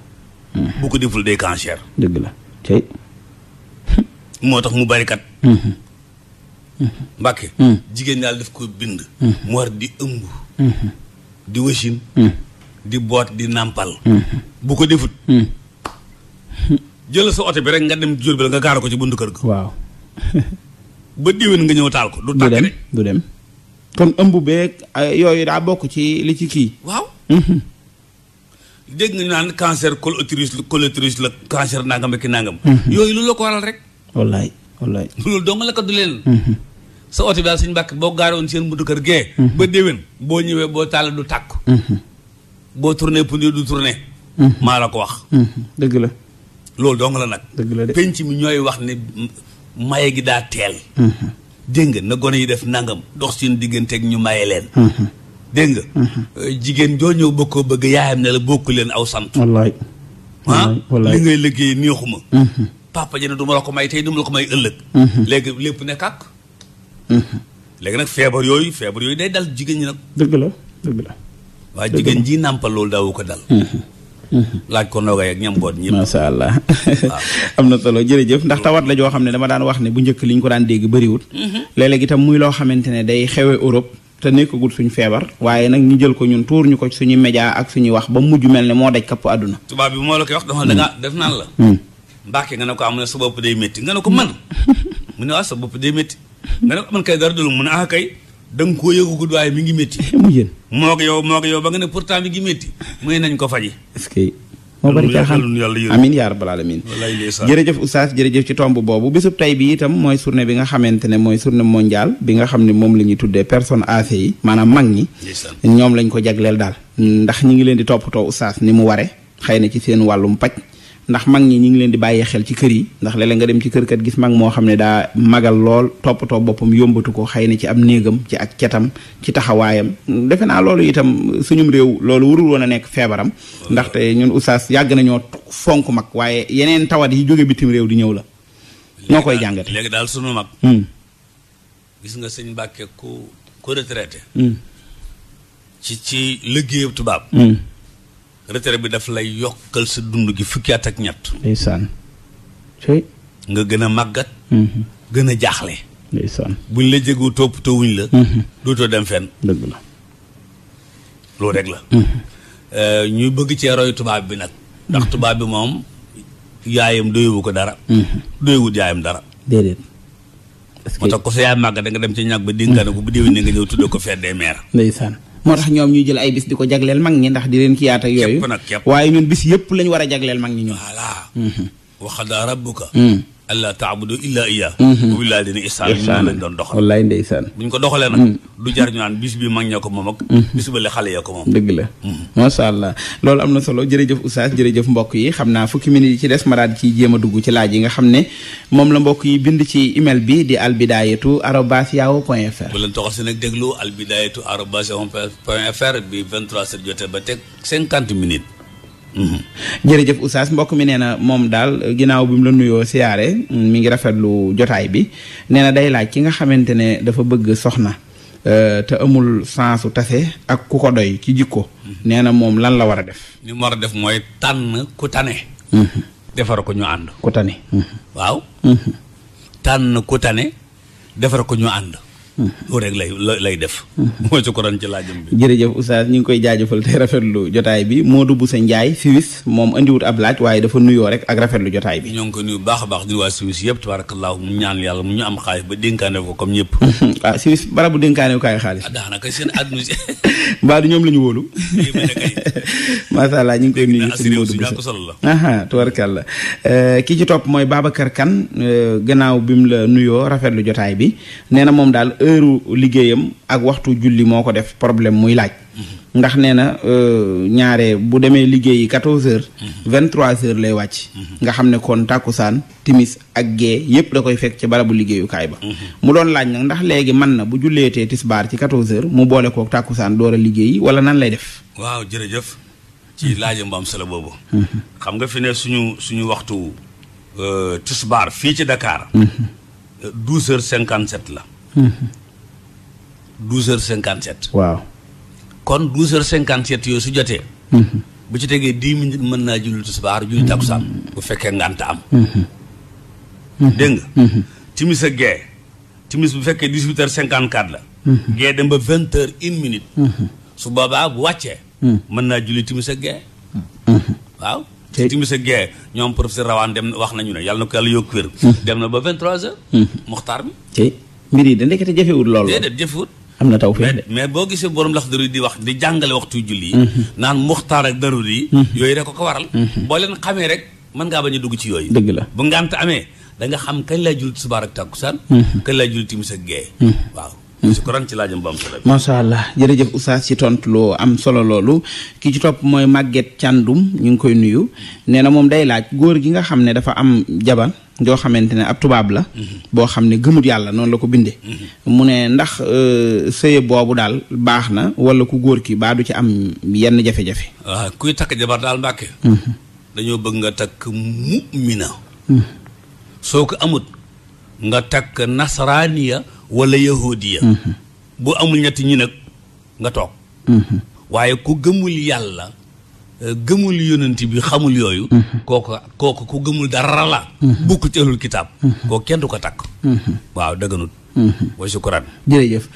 bu ko deful day cancer. dëgg la moo tax mu barikat mbàkke hmm. jigéen ñaal daf ko bind hmm. mu war di ëmb hmm. di wasin di boot di nàmpal bu ko defut jël sa oto bi rek nga dem jur bi la nga gaara ko ci buntu kër ga waaw ba déwén nga ñëw taal ko du tàkk de dem kon ëmb beeg yooyu daa bokk ci li ci kii waaw dégg nga ñu naan cancer col utérus col utérus la cancer nangam ak ki nangam yooyu lu la ko waral rek wallaay loolu dong la ko du leen. Mhm. sa oto bi daal suñu mbàkk boo gaaroon seen buntu kër gee. Mhm. ba déwén boo ñëwee boo taal du tàkk. Mhm. boo tourné pundi du tourné. maa la ko wax. dëgg la. loolu dong la nag. dëgg la de penc mi ñooy wax ne maye gi daa teel. dégg nga na gone yi def nangam dox seen digganteeg ñu maye leen. dégg euh, jigéen joo ñëw bokkoo bëgg yaayam ne la bokk leen aw sant. wallaay. Ah? wallaay li ngay liggéey neexuma. papa ji ne la ko may tey ko may ëllëg. Mhm. léegi lépp ne kàkk. Mhm. léegi nag feebar yooyu feebar yooyu day dal jigéen nag. dëgg la dëgg la. ji nàmpal loolu daawu ko dal. Mhm. laaj ko noogay ak ñam boot ñëpp. macha allah am na solo jërëjëf ndax tawat la joo xam ne dama daan wax ne bu njëkk li ñu ko daan dégg bëriwut. léeg-léeg itam muy loo xamante ne day xewee Europe. te nekkagul suñu feebar waaye nag ñu jël ko ñun tuur ñu ko suñu média ak suñu wax ba mujj mel ne moo daj kapp àdduna. tubaab bi moo la koy wax dama mm. def naan la. Mm. Mbàkke nga ne ko am ah, na sa bopp day métti nga ne ko man mu ne ah sa bopp day métti nga ne ko man kay dara dul mu ne ah kay da nga koo yëgugud waaye mi ngi métti mu yéen moo ko yow moo ko yow ba nga ne pourtant mi ngi métti muy nañ ko faji est-ce que moo bari caaxaan amin yaa rabbal alamin jërëjëf oustaz jërëjëf ci tomb boobu bésub tey bi itam mooy journée bi nga xamante ne mooy journée mondiale bi nga xam ne moom la ñuy tuddee personnes âgées yi maanaam mag ñi ñoom lañ ko jagleel daal ndax ñi ngi leen di toppatoo oustaz ni mu ware xëy na ci seen wàllum paj ndax mag ñi ñu ngi leen di bàyyi xel ci kër yi ndax léeg nga dem ci kër kat gis mag moo xam ne daa magal lool toppatoo boppam yombatu ko xëy na ci am néegam ci ak cetam ci taxawaayam defe naa loolu itam suñum réew loolu warul woon a nekk feebaram ndaxte ñun oustaz yàgg nañoo fonk mag waaye yeneen tawat yi jóge bitim réew di ñëw la ñoo koy jàngate léegi daal suñu mag hmm. nga sëñ Mbàkke ku ku hmm. ci ci liggéeyu tubaab hmm. retraite bi daf lay yokkal sa dund gi fukki at ak ñett. ndeysaan. nga gën a màggat. Mm-hmm. gën a jaaxle. ndeysaan buñ la jéggu toppatoo wuñ la. Mm-hmm. dootoo dem fenn. dëgg la. rek la. Mm-hmm. Euh, ñuy bëgg cee roy tubaab bi nag. ndax tubaab bi moom yaayam doyewu ko dara. doyewut yaayam dara. déedéet. moo tax ko sa yaay màgg da nga dem ci ñàkk ba dénkaane ko bu déwénee nga ñëw tuddee ko fête des mères. ndeysaan. moo tax ñoom ñuy jël ay bis di ko jagleel mag ñi ndax di leen kiyaat ak yooyu waaye ñun bis yëpp lañ war a jagleel mag ñi ñun voilà mhm. waxada rabbuka mm. allah taabudu illa iya bu billaa dina ihsaan ñu doon doxal wallaay ndeysaan buñ ko doxalee nag du jar ñu naan bis bi mag ña ko moom ak bis ba la xale ya ko moom dëgg la macha allah loolu am na solo jërëjëf oustaz jërëjëf mbokk yi xam naa fukki minutes yi ci des ma ci jéema dugg ci laaj yi nga xam ne moom la mbokk yi bind ci email bi di albidayatu arobas yahoo point fr bu leen toxal si nag déglu albidayatu arobas yahoo point fr bi 23 heures jotee ba teg cinquante minutes Mm-hmm. jërëjëf Oustaz mbokk mi nee na moom daal ginnaaw bi mu la nuyoo siyaare mi ngi rafetlu jotaay bi nee na day laaj ki nga xamante ne dafa bëgg soxna euh, te amul sansu tase ak ku ko doy ci jikko mm-hmm. nee na moom lan la war a def li mu war a def mooy tànn ku tane mm-hmm. defar ko ñu ànd ku tane waaw tànn ku ko ñu ànd loolu rek lay lay def. Mm-hmm. mooy sukkuran ci laajam bi. jërëjëf oustaz ñu ngi koy jaajëfal te rafetlu jotaay bi moo Modou Boussa njaay Suisse moom andiwut ab laaj waaye dafa nuyoo rek ak rafet lu jotaay bi. ñoo baax a baax di waa Suisse yëpp tabaarakallaahu mu ñaan yàlla mu ñu am xaalis ba dénkaane ko comme ñëpp. ah Suisse barabu dénkaane kaay xaalis. ah seen àdduna si. mbaa du ñoom la ñu wóolu. macha allah ñu ngi koy nuyu suñu Modou Boussa tubarkalla eh, ki ci topp mooy Babacar kan eh, gannaaw bi mu la nuyoo rafetlu jotaay bi nee moom daal heure liggéeyam ak waxtu julli moo ko def problème muy laaj ndax nee na euh, ñaare bu demee liggéeyi quatorze heures vingt trois heures lay wàcc nga xam ne kon tàkkusaan timis ak gee yépp da koy fekk ci barabu liggéeyukaay ba mu doon laaj nag ndax léegi mën na bu jullee julleetee tisbaar ci quatorze heures mu boole kook tàkkusaan door a liggéeyi wala nan lay def waaw jërëjëf ci laajam bu am solo boobu xam nga fi ne suñu suñu waxtu euh, tisbaar fii ci Dakar douze heures cinquante la douze heures cinquante sept. waaw kon douze heures cinquante sept yooyu su jotee. Mhm. bu ci tegee dix minutes mën naa julli tisbaar julli bu fekkee ngànt am. Mhm. Mhm. dégg nga. timis ak gee timis bu fekkee dix huit heures la. gee dem ba vingt heures une su boobaa bu wàccee. mën naa julli timis ak gee. waaw. te timis ak gee ñoom professeur Rawane dem wax nañu ne yàlla na ko yàlla yokk wér. dem na ba vingt trois heures. muxtaar bi. mbir yi da ndekete jafewut lool. déedéet jafewut. am na taw fii de mais boo gisee borom lax daruri di wax di jàngale waxtu julli yi mm-hmm. naan muxtaar ak daruri yi mm-hmm. yooyu rek ko ko waral mm-hmm. boo leen xamee rek man ngaa bañ a dugg ci yooyu dëgg la bu ngant amee da xam kañ laa julli subaar ak takkusaan kañ laa julli mu ak gee waaw ko sukran ci laajam bu am solo macha allah jërëjëf oustaz ci tontu loo am solo loolu ki ci topp mooy màgget càndum ñu ngi koy nuyu nee na moom day laaj góor gi nga xam ne dafa am jabar joo xamante ne ab tubaab la. boo xam ne gëmut yàlla noonu la ko bindee. mu ne ndax euh, sëye boobu daal baax na wala ku góor ki baa du ci am yenn jafe-jafe. waaw kuy takk jabar daal mbàkke. Mhm. dañoo bëgg nga takk mu'mina. Mhm. soo ko amut nga takk nasaraaniya wala yahudiya. Mhm. bu amul ñetti ñi nag nga toog. waaye ku gëmul yàlla. gëmul yonent bi xamul yooyu mhm. kooku kooku ku gëmul dara la mhm. bukk ci kitaab mhm. kooku kenn du ko takk waaw dëgganut wa shukran jërëjëf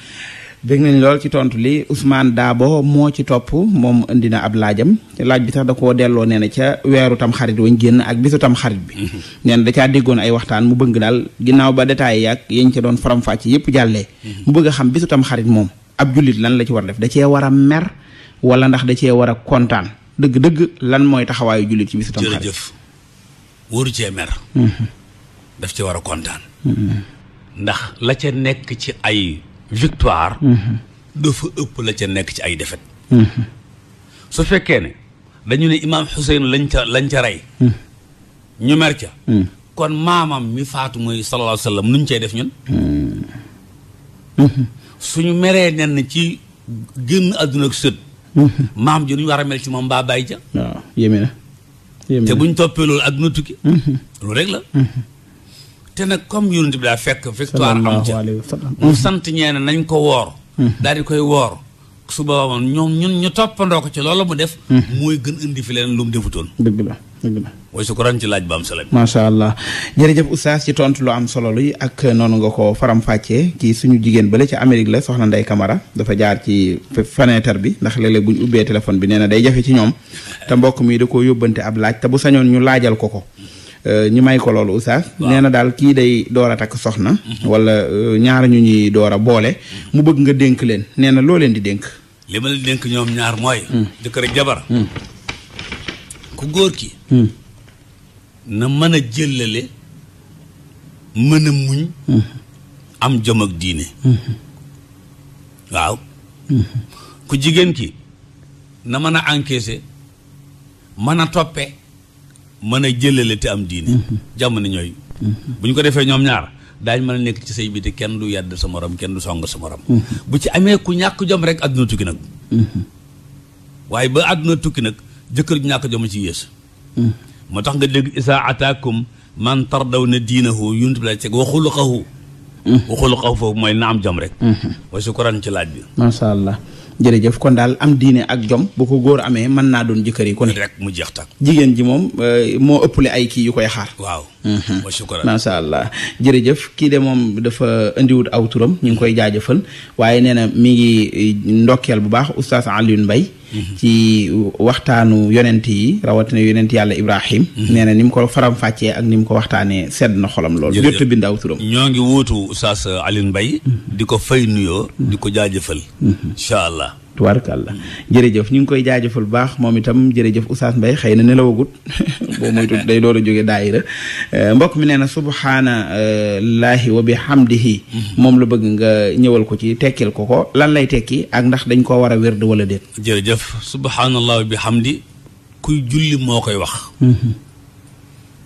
dégg nañ lool ci tontu li Ousmane Daabo moo ci topp moom indi na ab laajam laaj bi tax da koo delloo nee na ca weeru tam xarit wañ génn ak bisu tam xarit bi nee da caa déggoon ay waxtaan mu bëgg daal ginnaaw ba détails yaag yañ ca doon faram-fàcc yépp jàllee mu bëgg xam bisu tam xarit moom ab jullit lan la ci war def da cee war a mer wala ndax da cee war a kontaan dëgg-dëgg lan mooy taxawaayu jullit ci bisu tamxarit jërëjëf wóoru cee mer mm-hmm. daf ci war a kontaan mm-hmm. ndax la ca nekk ci ay victoire mm-hmm. dafa ëpp la ca nekk ci ay défaite su fekkee ne dañu ne imaam Xuseyn lañ ca lañ ca rey ñu mer ca kon maamam mi faatu mooy sallallahu alayhi wa sallam def ñun suñu meree nenn ci génn àdduna ak sët Mm-hmm. maam ji nu ñu war a mel ci moom mbaa bàyyi ja. waaw yéeme te bu ñu toppee loolu ak nu tukki. Mm-hmm. loolu rek la. Mm-hmm. te nag comme yonent bi daa fekk victoire am ca mu sant ñeene nañ ko woor daal di koy woor su boobaa ñoom ñun ñu toppandoo ko ci loolu mu def mooy gën indi fi leen lu mu defutoon mooy sukkuraan ci laaj ba am solo. macha allah jërëjëf oustaz ci tontu lu am solo luy ak noonu nga ko faram-fàccee kii suñu jigéen ba la ci Amérique la soxna Ndeye kamara dafa jaar ci fenêtre bi ndax léeg-léeg bu ñu ubbee téléphone bi nee na day jafe ci ñoom te mbokk mi da koo yóbbante ab laaj bu sañoon ñu laajal ko ko. Euh, ñu may ko loolu oustaz nee na daal kii day door a takk soxna wala euh, ñaar ñu ñuy door a boole mu bëgg nga dénk leen nee na loo leen di dénk li ma leen dénk ñoom ñaar mooy hmm. jëkkër ak jabar hmm. ku góor ki hmm. na mën a jëllale mën a muñ hmm. am jom ak diine hmm. waaw ku jigéen ki na mën a encaisser mën a toppe mën a jëlale te am diine jàmm ne ñooy bu ñu ko defee ñoom ñaar daañ mën a nekk ci say bi kenn du yàdd sa morom kenn du song sa morom bu ci amee ku ñàkk jom rek àdduna tukki nag waaye ba àdduna tukki nag jëkkër ju ñàkk jom ci yées hmm. moo tax nga dégg isaa ataakum man tardaw na diinahu yuntu bi la ceeg wa xaw hmm. wa xuluqahu foofu mooy na am jom rek wa hmm. sukran ci laaj bi macha allah jërëjëf kon daal am diine ak jom bu ko góor amee man naa doon jëkkër yi kon rek mu jeex tak jigéen ji moom euh, moo ëpple ay kii yu koy xaar waaw wa allah jërëjëf kii de moom dafa indiwut aw turam ñu ngi koy jaajëfal waaye nee na mi ngi ndokkeel bu baax oustaz Alioune Mbaye ci waxtaanu yonent yi rawatina yonent yàlla Ibrahim mhm. nee na ni mu ko faram-fàccee ak ni mu ko waxtaanee sedd na xolam lool jot bi ndaw ñoo ngi wuutu Oustaz alin mbay mhm. di ko fay nuyoo di ko jaajëfal mhm. incha allah tubaarkàlla jërëjëf ñu ngi koy jaajëfal baax moom itam jërëjëf Oustaz Mbaye xëy na nelawagut boo moytu day door a jóge daayira eh, mbokk mi nee na subhaanallaahi wa bihamdihi moom la bëgg nga ñëwal ko ci tekkil ko ko lan lay tekki ak ndax dañ koo war a wérd wala déet jërëjëf subhaanallaahi wa bihamdi kuy julli moo koy wax mhm.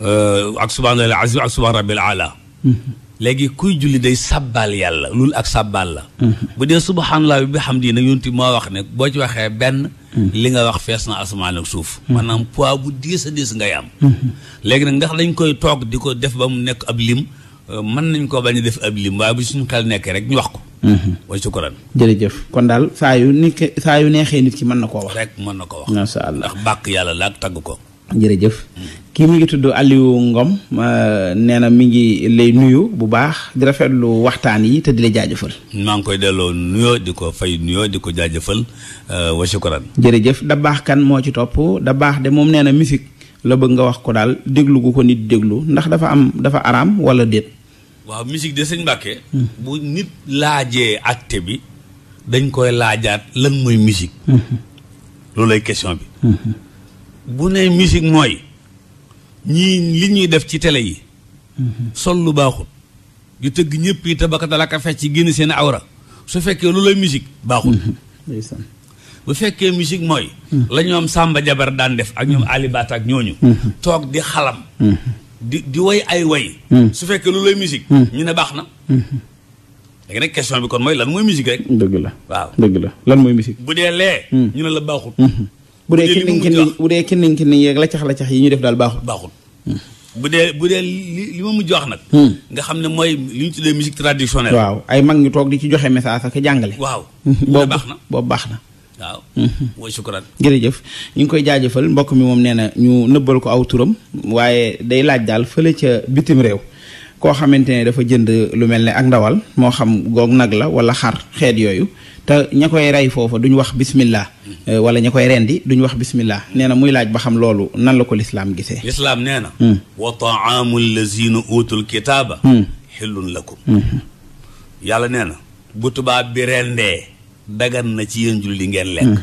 eh, ak subhaanallaahi azim ak subhaan rabbil ala mhm. léegi kuy julli day sàbbaal yàlla loolu ak sàbbaal la mhm. bu dee suba subhanallah bi bi xam di nag yonti moo wax ne boo ci waxee benn mhm. li nga wax fees na asamaan ak suuf mhm. maanaam poids bu diis a diis ngay am léegi nag ndax dañ koy toog di ko def ba mu nekk ab lim euh, mën nañ ko bañ a def ab lim waaye bu suñu xel nekkee rek ñu wax ko wa sukkuran jërëjëf kon daal saa yu nit saa yu neexee nit ki mën na koo wax rek mën na koo wax macha allah ndax bàkk yàlla la tagg ko jërëjëf mm. kii mi ngi tudd Aliou Ngom nee na mi ngi lay nuyu bu baax di rafetlu waxtaan yi te di la jaajëfal. maa ngi koy delloo nuyoo di ko fay nuyoo di ko jaajëfal euh, wa shukran. jërëjëf da baax kan moo ci topp da baax de moom nee na musique la bëgg nga wax ko daal déglu gu ko nit déglu ndax dafa am dafa araam wala déet. waaw musique de sëñ Mbàkke hmm. bu nit laajee acte bi dañ koy laajaat lan mooy musique. Hmm. loolu lay question bi. Hmm. bu ne musique mooy. ñii li ñuy def ci tele yi mhm. sol lu baaxul di tëgg ñëpp yi tabaka dalaka fecc génn seen awra su fekkee lu la musique baaxul mhm. bu fekkee musique mooy mhm. la ñoom Samba Jabar daan def ak ñoom Ali ak ñooñu toog di xalam di di way ay way su fekkee lu lay musique ñu ne baax na léegi nag question bi kon mooy lan mooy musique rek dëgg la waaw dëgg la lan mooy musique bu dee lee ñu ne la baaxul bu dee kinning kinning bu dee kinning la yeeg lacax lacax yi ñu def daal baaxul baaxul bu dee bu dee li li ma mujj wax nag hmm. nga xam ne mooy li ñu tuddee musique traditionnelle waaw ay mag ñu toog di ci joxe message ak jàngale waaw hmm, boobu baax na boobu baax na waaw mooy hmm. sukkuraan jërëjëf ñu ngi koy jaajëfal mbokk mi moom nee na ñu nëbbal ko aw turam waaye day laaj daal fële ca bitim réew koo xamante ne dafa jënd lu mel ni ak ndawal moo xam goog nag la wala xar xeet yooyu te ña koy rey foofa duñ wax bismillah euh, wala ña koy rendi duñ wax bismillah nee na muy laaj ba xam loolu nan la ko lislaam gisee lislaam nee na hmm. wa taamu allazina utul kitaaba xillun hmm. lakum hmm. yàlla nee na bu tubaab bi rendee dagan na ci yéen julli ngeen lekk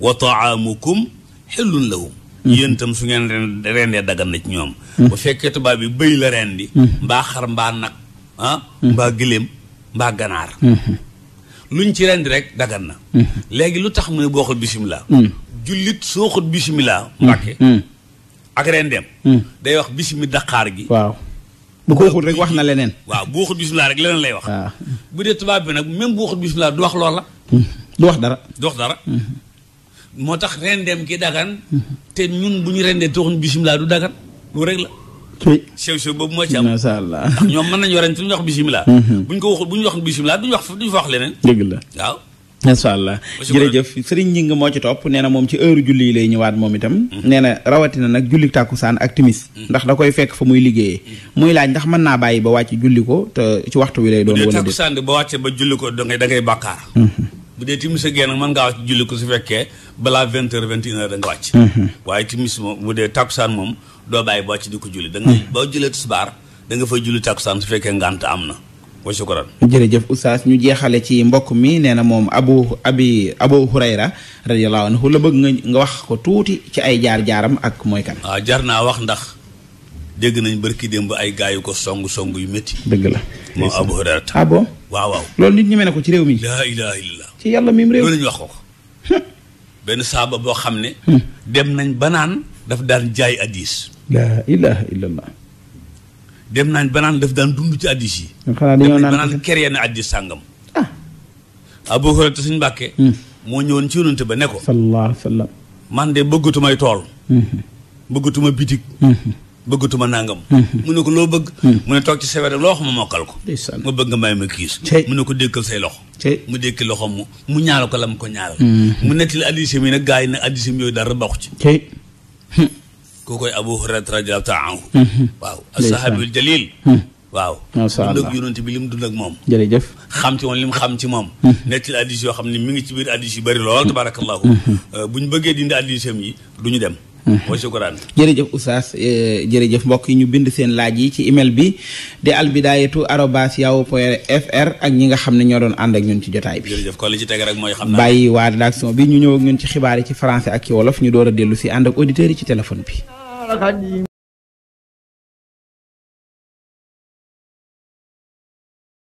wa taamukum yéen itam su ngeen ren rendee daggan na ci ñoom mm. bu fekkee tubaab bi bëy la rendi mm. mbaa xar mbaa nag ah mm. mbaa gëléem mbaa ganaar luñ ci rendi rek daggan na léegi lu tax mu ne boo xul bisimila jullit soo xut bisimila mbàkke ak rendeem day wax bisimi daqaar gi waaw bu ko waxul rek wax na leneen waaw bu waxul bisimilah rek leneen lay wax ah. bu dee tubaab bi nag même bu waxul bisimilah du wax loola du wax dara du wax dara moo tax dem gi dagan te ñun bu ñu rendee toxuñ bisimilah du dagan lu rek la sew sew boobu moo ci am macha allah ñoom mën nañu rente duñu wax bisimilah mhm. bu ñu ko waxul bu ñu wax bisimilah duñu wax duñu fa wax leneen dëgg la waaw macha allah jërëjëf Serigne Ñing moo ci topp nee na moom ci heure julli yi lay ñëwaat moom itam mhm. nee na rawatina nag julli tàkkusaan ak timis mhm. ndax da koy fekk fa muy liggéeyee muy laaj ndax mën naa bàyyi ba wàcc julli ko te ci waxtu wi lay doon wala déet tàkkusaan ba wàcce ba julli ko da ngay da bu dee timis a génn man ngaa wàcc julli ko su fekkee balaa vingt heures vingt et une heures da nga wàcc mhm. waaye timis moom bu dee takkusaan moom doo bàyyi ba wàcc di ko julli da mhm. boo jullee tisbaar danga fa fay julli takkusaan su fekkee ngànt am na wa shukran jërëjëf oustaz ñu jeexale ci mbokk mi nee na moom abu abi abu hurayra radiyallahu anhu la bëgg nga nga wax ko tuuti ci ay jaar jaaram ak mooy waa ah, jar naa wax ndax dégg nañ barki démb ay gaa yu ko song song yu metti dëgg la moom Abu Hurayrata. ah bon waaw waaw. loolu nit ñeme na ko ci réew mi. laa ilaaha illallaah. ci yàlla mim réew. loolu ñu wax ko ko. benn saaba boo xam ne. Hmm. dem nañ banaan daf daan jaay addis. laa ilaaha illallaah. dem nañ ba daf daan dund ci addis yi. xanaa dañoo naan dem nañ ba naan kéré addis sàngam. Ah. Abu Hurayrata suñu mbàkkee. Hmm. moo ñëwoon ci yonante ba ne ko. sallallaahu alayhi man de bëggatuma ay tool. Hmm. bëggatuma bitik. bëggatuma nangam. Mhm. mu ne ko loo bëgg. Mhm. mu ne toog ci sa wet loo xam mokkal ko. ma bëgg nga may ma kiis. mu ne ko dékkal say loxo. mu dékki loxo mu mu ñaala ko la mu ko ñaala. Mhm. mu nettali addisam yi nag gaa yi nag addisam yooyu dara baaxu ci. koo koy Abu Hurayra radiyallaahu taala anhu. waaw as-sahaabiyul jaliil. waaw dund ak yonent bi li mu dund ak moom jërëjëf xam ci woon li mu xam ci moom nekk la yoo xam ne mi ngi ci biir addis yu bëri lool tabaarakallaahu euh, bu ñu bëggee dindi addisam yi du ñu dem wa mhm. shukran jërëjëf oustaz eh, jërëjëf mbokk yi ñu bind seen laaj yi ci email bi de di albidayatu arobas yahoo point fr ak ñi nga xam ne ñoo doon ànd ak ñun ci jotaay bi jërëjëf kon li ci mooy xam bàyyi waa rédaction bi ñu ñëw ak ñun ci xibaar yi ci français ak ci wolof ñu door a dellu si ànd ak auditeurs yi ci téléphone bi